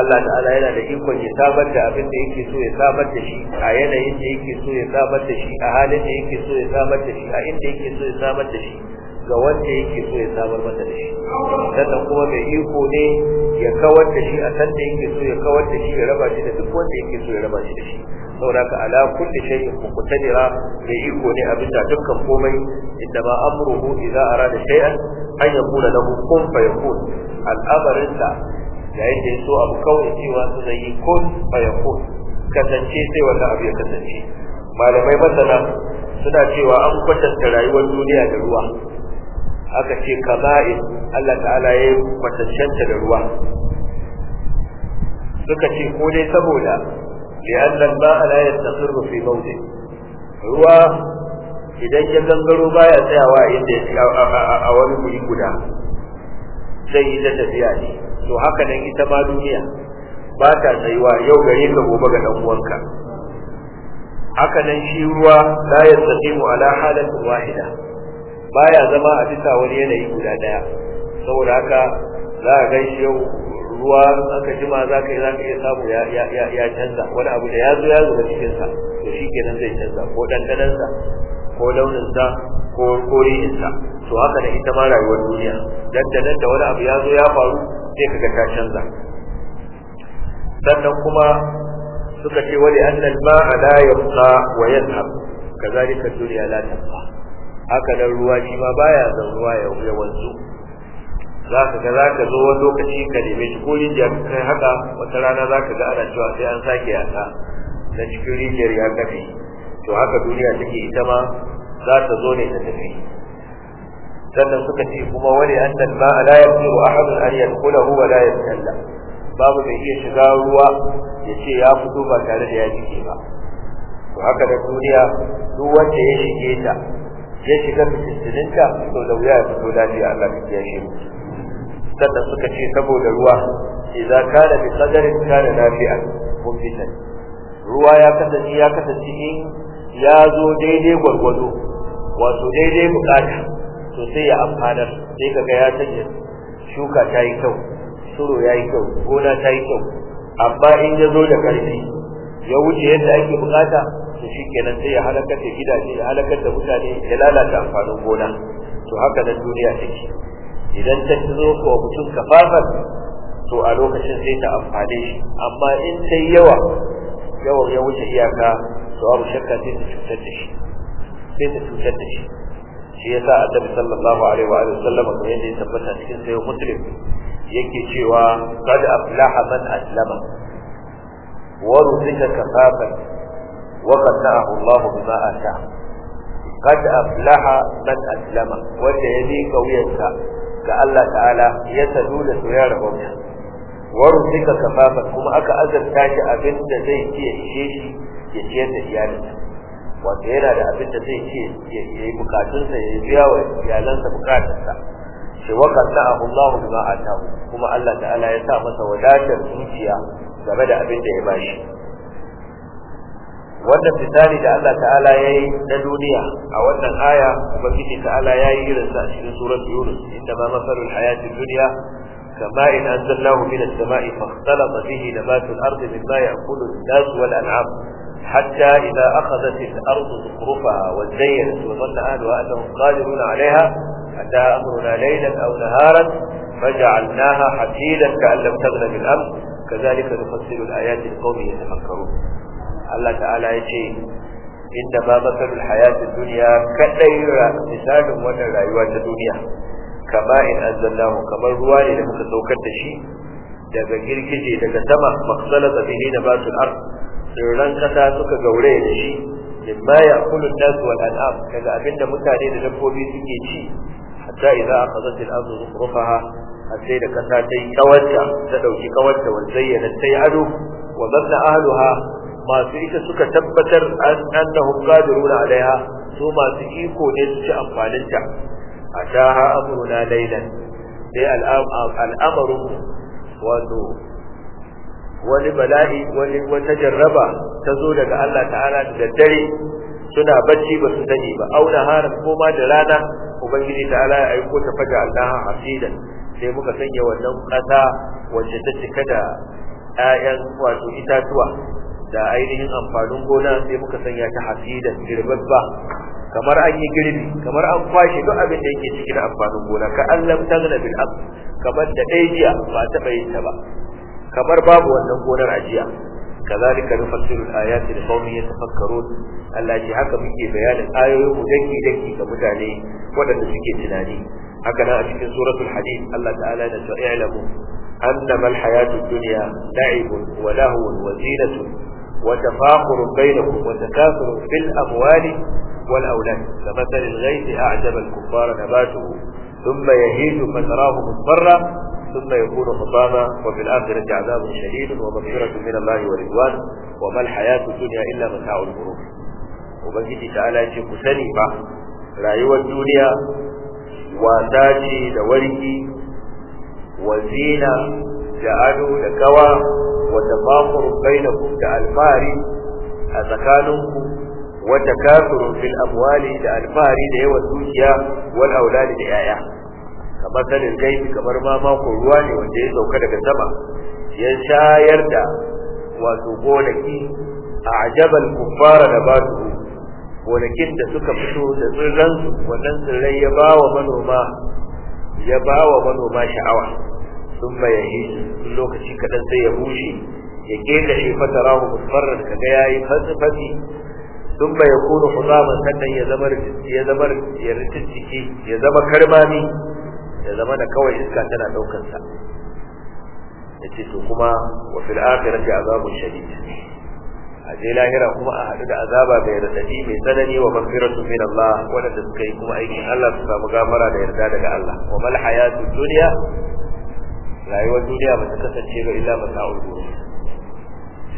Allah ta'ala yana da ikon ya sabar da abin da yake so ya sabar da shi a yanayin da yake so ya sabar da shi a halin da yake so ya sabar da shi a inda yake so ya sabar da shi ga wanda yake so ya samar masa da shi sannan kuma mai iko ne ya kawar da shi a san da yake so ya kawar da shi ya raba shi da duk wanda yake so ya raba shi da shi saboda ka ala kulli shay'in muqtadira mai iko ne abin da dukkan komai inda ma amruhu idza arada shay'an an yaqula lahu kun fayakun al'amarin da yayin da yaso abu kawai cewa su zai yi kun fayakun kasance sai wanda abu ya kasance malamai masana suna cewa an kwatanta rayuwar duniya da ruwa aka ce kaza'in Allah ta'ala ya yi kwatancanta da ruwa suka ce ko dai saboda li'anna al-ma'a la yastaqirru fi mawdi ruwa idan ya ba baya tsayawa inda a wani guri guda zai yi ta tafiya ne to haka nan ita ma duniya ba ta tsayuwa yau gare ka gobe ga dan uwanka haka nan shi ruwa la yastaqimu ala halatin wahida baya zama a bisa wani yanayi guda daya saboda haka za a gan yau ruwa aka jima za ka yi za ka iya samu ya canza wani abu da ya zo ya zuba cikinsa to shi kenan zai canza ko ɗanɗanansa ko launinsa ko korinsa to haka da ita ma rayuwar duniya dandanan da wani abu ya zo ya faru sai ga ta canza sannan kuma suka ce wali annal ma'a la yabqa wa yadhhab kazalika dunya la tabqa haka nan ruwa shi ma baya ruwa ya wanzu za ka ga za ka zo wani lokaci ka neme shi ko rijiya ka kai haka wata rana za ka ga ana cewa sai an sake yasa na cikin rijiyar ya kafe to haka duniya take ita ma za ta zo ne ta tafi sannan suka ce kuma wani an dalma kuma a ahadun an kula huwa la tsalla babu mai iya shiga ruwa ya ce ya fito ba tare da ya jike ba to haka da duniya duk wanda ya shige ta ya shiga fitintininta to da wuya ya fito lafiya Allah ka shi sannan suka ce saboda ruwa ka da bi qadarin kana nafi'a fitan ruwa ya kasance ya kasance in ya zo daidai gwargwado wato daidai bukata to sai ya amfanar sai kaga ya canja shuka ta yi kyau suro ya yi kyau gona ta yi kyau amma in ya zo da karfi ya wuce yadda ake bukata to shikenan sai ya halakar da gidaje ya halakar da mutane ya lalata amfanin gona to haka nan duniya take idan ta zo ko mutum kafafar to a lokacin sai ta amfane shi amma in ta yi yawa yawan ya wuce iyaka to abu shakka sai ta cutar da shi sai ta cutar da shi shi ya yasa annabi sallallahu alaihi wa alihi sallam kamar yadda ya tabbata cikin sayo muslim yake cewa qad aflaha man aslama wa ruzika kafafan وقطعه الله بما أتاه قد أفلح من أسلم وجهديك ويسا كالله تعالى يسدون سيارة ومياه ورزق كفافا كما أكا أزل تاشا أبن زي تي الشيش يتيان ديانك وتينا لأبن زي تي يبقاتنسا يبيا ويالنسا بقاتنسا shi waqata'ahu Allah bima atahu kuma Allah ta'ala ya sa masa wadatar zuciya game da abin da ya bashi wannan misali da Allah ta'ala ya yi na duniya a wannan aya ubangiji ta'ala ya yi sa a cikin surat yunus inda ma masalul hayati dunya kama in anzalnahu min as-sama'i fakhtalata bihi nabatu al-ardi mimma ya'kulu an-nas wal an'am hatta idha akhadhat حتى إذا أخذت الأرض زخرفها وزينت وظن أهلها أنهم قادرون عليها أتى أمرنا ليلا أو نهارا فجعلناها حسيدا كأن لم تغن بالأمس كذلك نفصل الآيات لقوم يتفكرون Allah ta'ala ya ce inda ma masalul hayatid dunya kadai misalin wannan rayuwa ta duniya kama in anzalnahu kamar ruwa ne da muka saukar da shi daga girgije daga sama maksalata bihi nabatul ard tsirran kasa suka gaure da shi mimma ya'kulu an-nas wal daga abinda mutane da dabbobi suke ci hatta idza akhadhat al-ardu zukhrufaha sai da kasa ta yi kawarta ta ɗauki kawarta wa ta yi ado wa zanna ahluha masu ita suka tabbatar an annahum qadiruna alaiha su masu iko ne su ci amfanin ta ataha amruna laylan sai al'amaru wato wani bala'i wani wata jarraba ta zo daga Allah ta'ala da daddare suna bacci ba su sani ba auna haram ko ma da rana ubangiji ta'ala ya aiko ta faja Allah hasidan sai muka sanya wannan kasa wacce ta cika da 'ya'yan wato itatuwa da ainihin amfanin gona sai muka sanya ta hasidan girbabba kamar an yi girbi kamar an kwashe duk abin da yake cikin amfanin gona ka allam tagna bil ab kamar da ɗaya ba ta yin ta ba kamar babu wannan gonar ajiya كذلك نفسر الآيات لقوم يتفكرون Allah ce haka muke bayanin ayoyin mu daki daki ga mutane waɗanda suke tunani haka nan a cikin suratul hadid Allah ta'ala da ta ilamu annama alhayatu dunya la'ibun wa lahwun wa zinatun وتفاخر بينكم وتكاثر في الأموال والأولاد كمثل الغيث أعجب الكفار نباته ثم يهيج فتراه مضطرا ثم يكون خطابا وفي الآخرة عذاب شديد ومغفرة من الله ورضوان وما الحياة الدنيا إلا متاع الغرور وبنجي تعالى يجي كسني با رايوة الدنيا وتاتي دوركي وزينة da ado da kawa wa tafakkur bainakum da alfari a tsakaninku wa takasuru fil amwali da alfari da yawan dukiya wal auladi da yaya kamar sanin kai kamar ma mako ruwa ne wanda ya sauka daga sama ya shayar da wato gonaki a ajabal kuffara da batu gonakin da suka fito da tsirran wannan tsirrai ya ba wa manoma ya ba wa manoma sha'awa thumma yahij lokaci kadan sai ya bushe ya kela shi fatarahu musfarran kaga yayi fasfasi thumma yakunu hudaman sannan ya zama ya zama ya ritiki ya zama karbani ya zama da kawai iska tana daukar sa yace to kuma wa fil akhirati azabun shadid aje lahira kuma a hadu da azaba mai radadi mai tsanani wa maghfiratu min Allah wanda suka yi kuma aikin Allah su samu gafara da yarda daga Allah wa mal hayatud dunya rayuwar duniya ba ta kasance ba illa mata'ul ghurur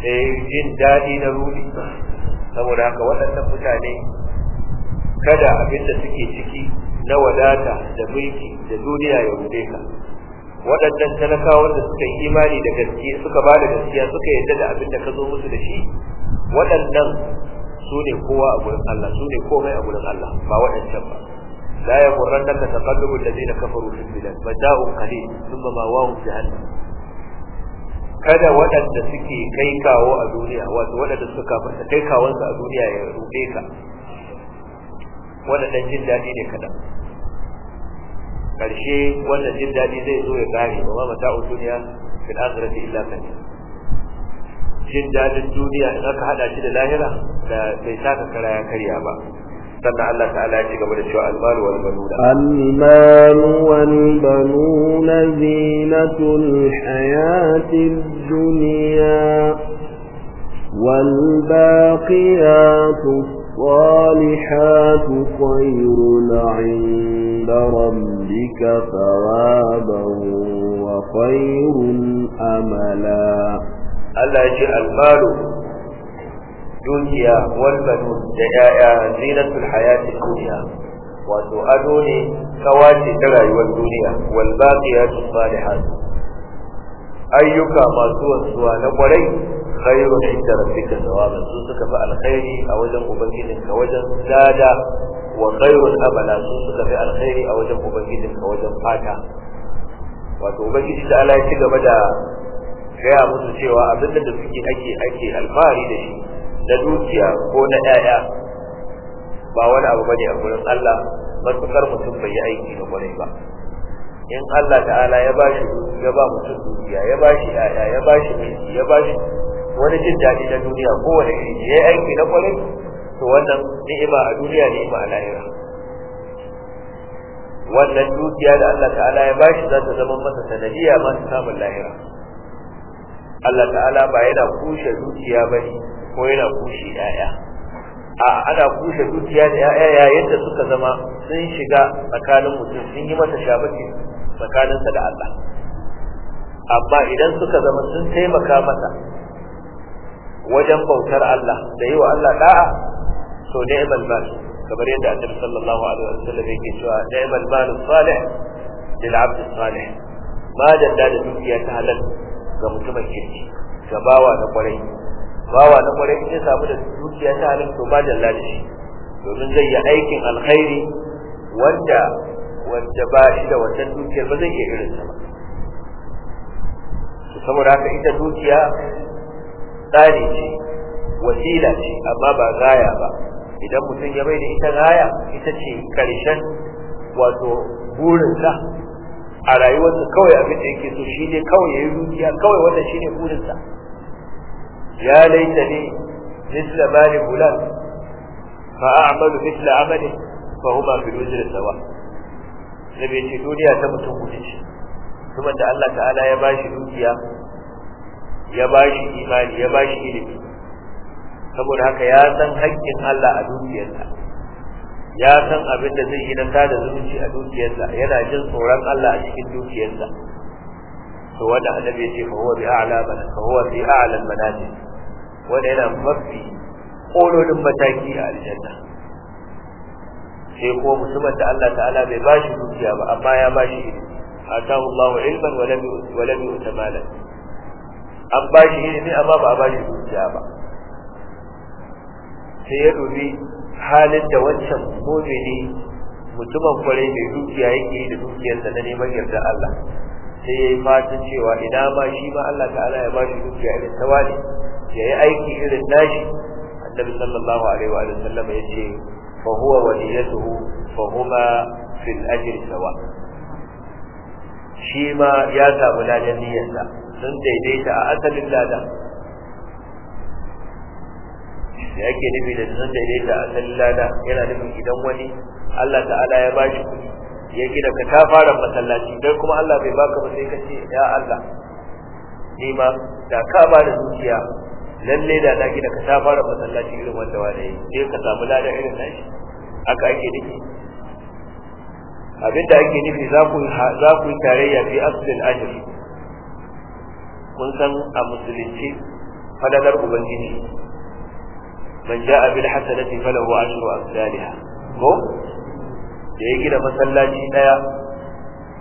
sai jin daɗi na ruɗi saboda haka waɗannan mutane kada abinda suke ciki na wadata da mulki da duniya ya ruɗe ka waɗannan talakawan da suka yi imani da gaske suka ba da gaskiya suka yarda da abin da ka zo musu da shi waɗannan su ne kowa a gurin Allah su ne komai a gurin Allah ba waɗancan ba لا يغرنك تقلب الذين كفروا في البلاد متاع قليل ثم ماواهم جهنم kada waɗanda suke kai kawo a duniya wato waɗanda suka fasa kai kawansu a duniya ya ruɗe ka waɗannan jin daɗi ne kaɗan ƙarshe wannan jin daɗi zai zo ya ƙare ba ma mata'u duniya fil akhirati illa qalil jin daɗin duniya da aka haɗa shi da lahira da bai saka kara ya karya ba سنة الله تعالى المال والبنون المال والبنون زينة الحياة الدنيا والباقيات الصالحات خير عند ربك ثوابا وخير أملا الله يجي المال dukiya wal banun da yaya zinatul hayati dunya wato ado ne kawace ta rayuwar duniya wal baqiyatu salihat ayyuka masu wasuwa na kwarai khairu inda rabbika thawaban su suka fi alkhairi a wajen ka wajen dada wa khairu amala su suka fi alkhairi a wajen ka wajen fata wato ubangiji ta Allah ya ci gaba da gaya musu cewa abinda da suke ake ake alfahari da shi na dukiya ko na 'ya'ya ba wani abu bane a gurin Allah matukar mutum bai yi aiki da kwarai ba in Allah ta'ala ya ba shi ya ba mutum dukiya ya ba shi 'ya'ya ya ba shi miji ya ba shi wani jin daɗi na duniya ko wani iri ya yi aiki na kwarai to wannan ni'ima a duniya ni'ima a lahira wannan dukiya da Allah ta'ala ya ba shi za ta zama masa sanadiyya masu samun lahira Allah ta'ala ba yana kushe dukiya ba ne ko yana kushe yaya a ana kushe dukiya da yaya yayin da suka zama sun shiga tsakanin mutum sun yi masa shabaki tsakaninsa da Allah amma idan suka zama sun taimaka masa wajen bautar Allah da yi wa Allah da'a to ni'mal mal kamar yadda annabi sallallahu alaihi wasallam yake cewa ni'mal mal salih lil abd salih ma da da dukiya ta halal ga mutumin kirki ga bawa na kwarai bawa na kwarai in ya samu da dukiya ta halin to ba dalla da shi domin zai yi aikin alkhairi wanda wanda ba shi da wannan dukiyar ba zai iya irin sa ba saboda haka ita dukiya tsari ce wasila ce amma ba gaya ba idan mutum ya bai da ita gaya ita ce karshen wato burinsa a rayuwarsa kawai abin da yake so shi ne kawai ya yi dukiya kawai wannan shi ne burinsa يا ليتني مثل مال فلان فأعمل مثل عمله فهما في الوزر سواء نبي يجي دنيا تمتم وجهي ثم أن الله تعالى يباشي دنيا يباشي إيمان يباشي إلمي saboda haka ya san haƙƙin Allah a dukiyarsa ya san abin da zai yi na tada zumunci a dukiyarsa yana jin tsoron Allah a cikin dukiyarsa to wanda annabi ya ce fa huwa bi a'la man fa huwa fi a'la manazil wanda yana mafi kololin mataki a aljanna sai ko musulman da Allah ta'ala bai bashi dukiya ba amma ya bashi ilimi atahu Allahu ilman wa lam wa lam yutamala an bashi ilimi amma ba a bashi dukiya ba sai ya dubi halin da wancan mu'mini mutumin kwarai mai dukiya yake yi da dukiyarsa na neman yarda Allah sai ya yi fatan cewa ina ma shi ma Allah ta'ala ya bashi dukiya irin ta wani ya yi aiki irin nashi annabi sallallahu alaihi wa sallam ya ce fa huwa waliyatuhu fa huma fil ajri sawa shi ma ya samu ladan niyyarsa sun daidaita a asalin ladan da yake nufi da sun daidaita a asalin ladan yana nufin idan wani Allah ta'ala ya bashi kuɗi ya gina ka ta fara masallaci dan kuma Allah bai baka ba sai ka ce ya Allah ni ma da ka ba da zuciya lalle da na gina ka ta fara masallaci irin wanda wani sai ka samu ladan irin nashi haka ake nufi abinda ake nufi za ku za ku tarayya fi aslin ajr kun san a musulunci fadalar ubangiji man ja'a bil hasanati falahu ashru amsalha ko da ya gina masallaci daya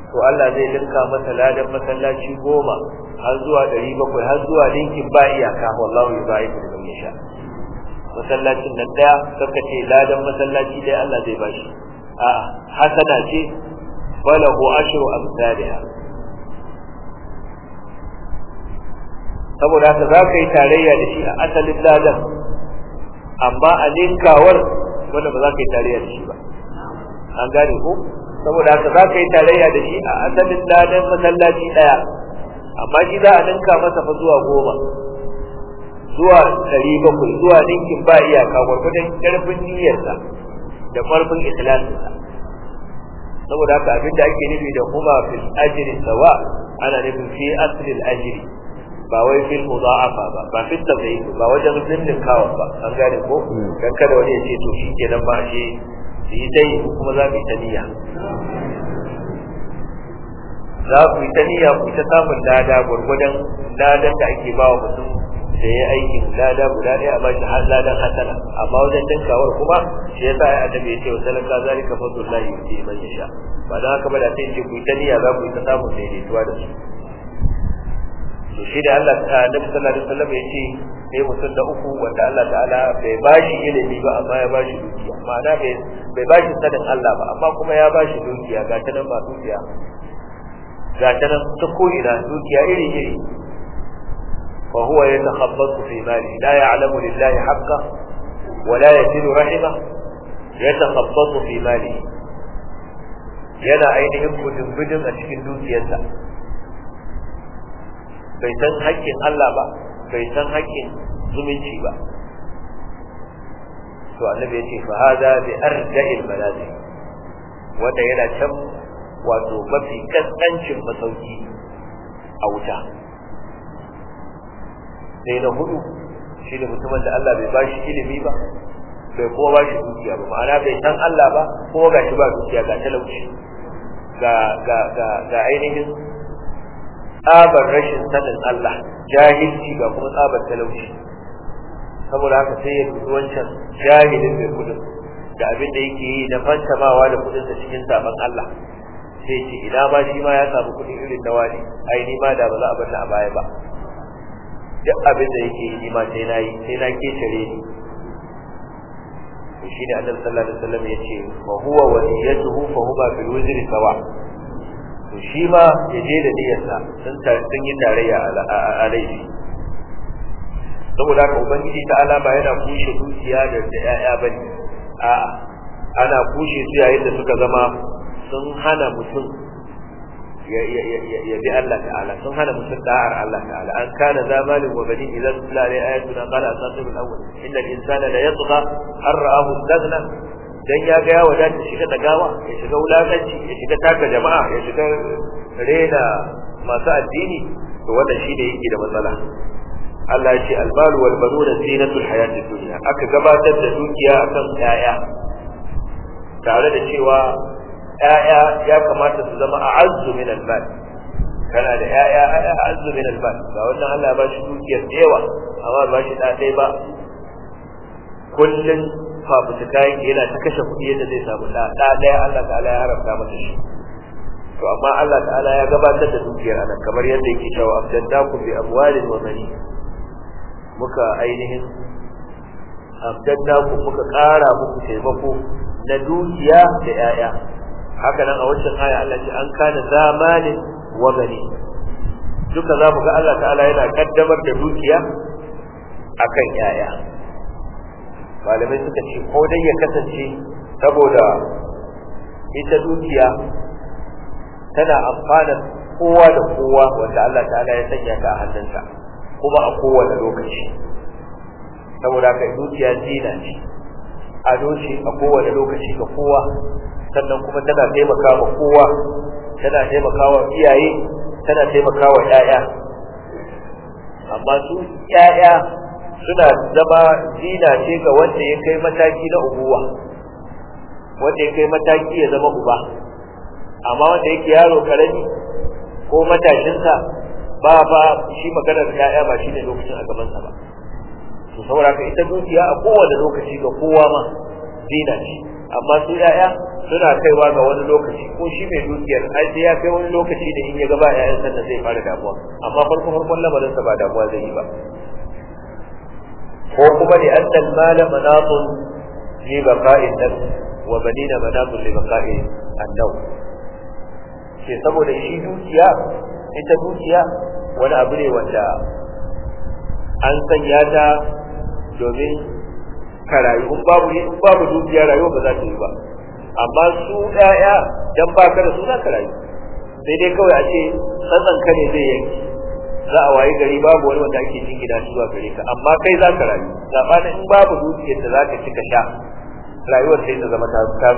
to Allah zai linka masa ladan masallaci goma har zuwa ɗari bakwai har zuwa dinkin ba iyaka wallahu ku da insha masallacin nan daya kaka ce ladan masallaci dai Allah zai bashi a hasada ce balahu ashru amsalha saboda haka za ka yi tarayya da shi a asalin ladan amma a ninkawar wanda ba za ka yi tarayya da shi ba an gane ko saboda haka za ka yi tarayya da shi a asalin ladan masallaci daya amma shi za a ninka masa fa zuwa goma zuwa ɗari bakwai zuwa ninkin ba iyaka gwargwadon ƙarfin niyyarsa da ƙarfin islaminsa saboda haka abin da ake nufi da kuma fil ajri sawa ana nufin fi aslil ajiri ba wai fil muza'afa ba ba fi tabayyin ba wajen zinnin kawa ba an gane ko hmm. dan kada wani ya ce to shi kenan ba shi su yi dai kuma za mu yi ta niyya za ku yi ta niyya ku ta samun lada gwargwadon ladan da ake ba wa mutum da ya aikin lada guda ɗaya a bashi har ladan hasana amma wajen dinkawar kuma shi yasa ya annabi ya ce wa salaka zalika fadlullahi yuti man yasha ba da haka ba da sai ce ku yi ta niyya za ku yi ta samun daidaituwa da su to shi da Allah ta Annabi sallallahu alaihi wasallam ya ce sai mutum da uku wanda Allah ta'ala bai bashi ilimi ba amma ya bashi dukiya ma'ana bai bai bashi sanin Allah ba amma kuma ya bashi dukiya ga ta nan ba dukiya ga ta nan ta koyi da dukiya iri iri fa huwa yatakhabbatu fi mali la ya'lamu lillahi haqqa wa la yasilu rahima yatakhabbatu fi mali yana ainihin gudun gudun a cikin dukiyarsa bai san haƙƙin Allah ba bai san haƙƙin zumunci ba to annabi ya ce fa hada bi arda'il manazil wanda yana can wato mafi kaskancin masauki a wuta sai na hudu shi ne mutumin da Allah bai bashi ilimi ba bai kuma bashi dukiya ba ma'ana bai san Allah ba kuma shi ba dukiya ga talauci ga ga ga ainihin tsabar rashin sanin Allah jahilci ga kuma tsabar talauci saboda haka sai ya dubi wancan jahilin mai kudin da abin da yake yi na fantamawa da kudin sa cikin saban Allah sai ce ina ma shi ma ya samu kudin irin na wani ai ni ma da ba za a bar a baya ba duk abin da yake yi ma sai na yi sai na ketare ni shine annabi sallallahu alaihi wasallam ce wa huwa wasiyatuhu fa huwa bil wizri sawa' to shi ma ya je da niyyarsa sun sun yi tarayya a laifi saboda haka ubangiji ta'ala ba yana kushe dukiya da 'ya'ya bane a ana kushe su yayin da suka zama sun hana mutum ya bi Allah ta'ala sun hana mutum da'ar Allah ta'ala an kana zamalin wa bani idza tutla alayhi ayatuna qala asatirul awwal inna al-insana la yatgha an ra'ahu istaghna dan ya ga ya wadata shiga dagawa ya shiga wulakanci ya shiga taka jama'a ya shiga rena masu addini to wannan shi ne yake da matsala Allah ya ce albalu wal banuna zinatul hayati dunya aka gabatar da dukiya akan yaya tare da cewa yaya ya kamata su zama a'azzu min al-mal kana da yaya a'azzu min al-mal ga wannan Allah ya ba shi dukiyar da yawa amma ba shi da dai ba kullun fafutuka yake yana ta kashe kuɗi yadda zai samu da da daya Allah ta'ala ya haramta masa shi to amma Allah ta'ala ya gabatar da dukiyar anan kamar yadda yake cewa abdannakum bi amwalin wa bani muka ainihin abdannakum muka ƙara muku taimako na dukiya da 'ya'ya. haka nan a wancan aya Allah ce an kana zamanin wa bani duka za mu ga Allah ta'ala yana kaddamar da dukiya akan 'ya'ya. malamai suka ce ko dai ya kasance saboda ita dukiya tana amfanar kowa da kowa wanda Allah ta'ala ya sanya ta a hannunta kuma a kowane lokaci saboda haka dukiya zina ce a doshi a kowane lokaci ga kowa sannan kuma tana taimaka wa kowa tana taimaka wa iyaye tana taimaka wa 'ya'ya amma su 'ya'ya suna zama zina ce ga wanda ya kai mataki na ubuwa wanda ya kai mataki ya zama uba amma wanda yake yaro karami ko matashinsa ba ba shi maganar ya'ya ba shi ne lokacin a gabansa ba to saboda haka ita dukiya a kowane lokaci ga kowa ma zina ce amma su ya'ya suna kaiwa ga wani lokaci ko shi mai dukiyar ai sai ya kai wani lokaci da in ya gaba ya'yan sannan zai fara damuwa amma farko farkon lamarinsa ba damuwa zai yi ba ko kuma li anna al mala manatun li baqa'i an wa banina manatun li baqa'i an-naw ke saboda shi dukiya ita dukiya wani abu ne wanda an sanya ta domin ka rayu in babu in babu dukiya rayuwa ba za ta yi ba amma su ɗaya dan ba ka da su za ka rayu sai dai kawai a ce sannan ka ne zai yanki za a wayi gari babu wani wanda ake jin gida zuwa gare ka amma kai za ka rayu sabanin in babu dukiyar da za ka ci ka sha rayuwar sai ta zama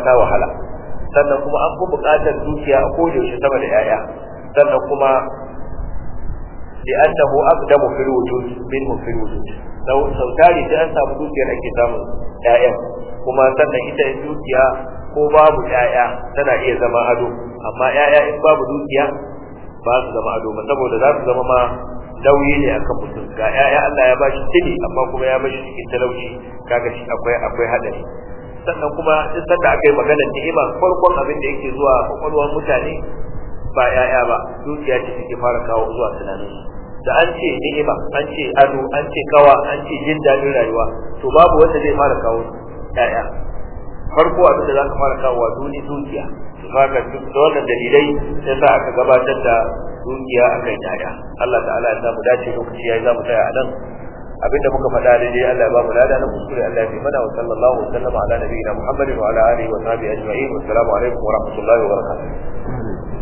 ta wahala sannan kuma an fi buƙatar dukiya a kodayaushe sama da 'ya'ya sannan kuma لأنه min في الوجود منهم في الوجود لو an samu dukiyar ake samu yaya kuma sannan ita dukiya ko babu 'ya'ya tana iya zama hado amma 'ya'ya in babu dukiya ba su zama ado ba saboda za su zama ma nauyi ne akan mutum ga ya'ya Allah ya bashi tini amma kuma ya bashi cikin talauci kaga shi akwai akwai hadari sannan kuma duk sanda aka yi maganar ni'ima farkon abin da yake zuwa kwakwalwar mutane ba ya'ya ba dukiya ce take fara kawo zuwa tunanin da an ce ni'ima an ce ado an ce kawa an ce jin daɗin rayuwa to babu wanda zai fara kawo ya'ya farko abin da za ka fara kawo duniya dukiya haka duk da wannan dalilai sai sa aka gabatar da dukiya a kai daya Allah ta'ala ya samu dace lokaci yayi zamu tsaya a nan abinda muka faɗa da dai Allah ya ba mu lada na kuskure Allah ya mana wa sallallahu alaihi wa sallam ala nabiyina Muhammadin wa ala alihi wa sahbihi ajma'in wa assalamu alaikum wa rahmatullahi wa barakatuh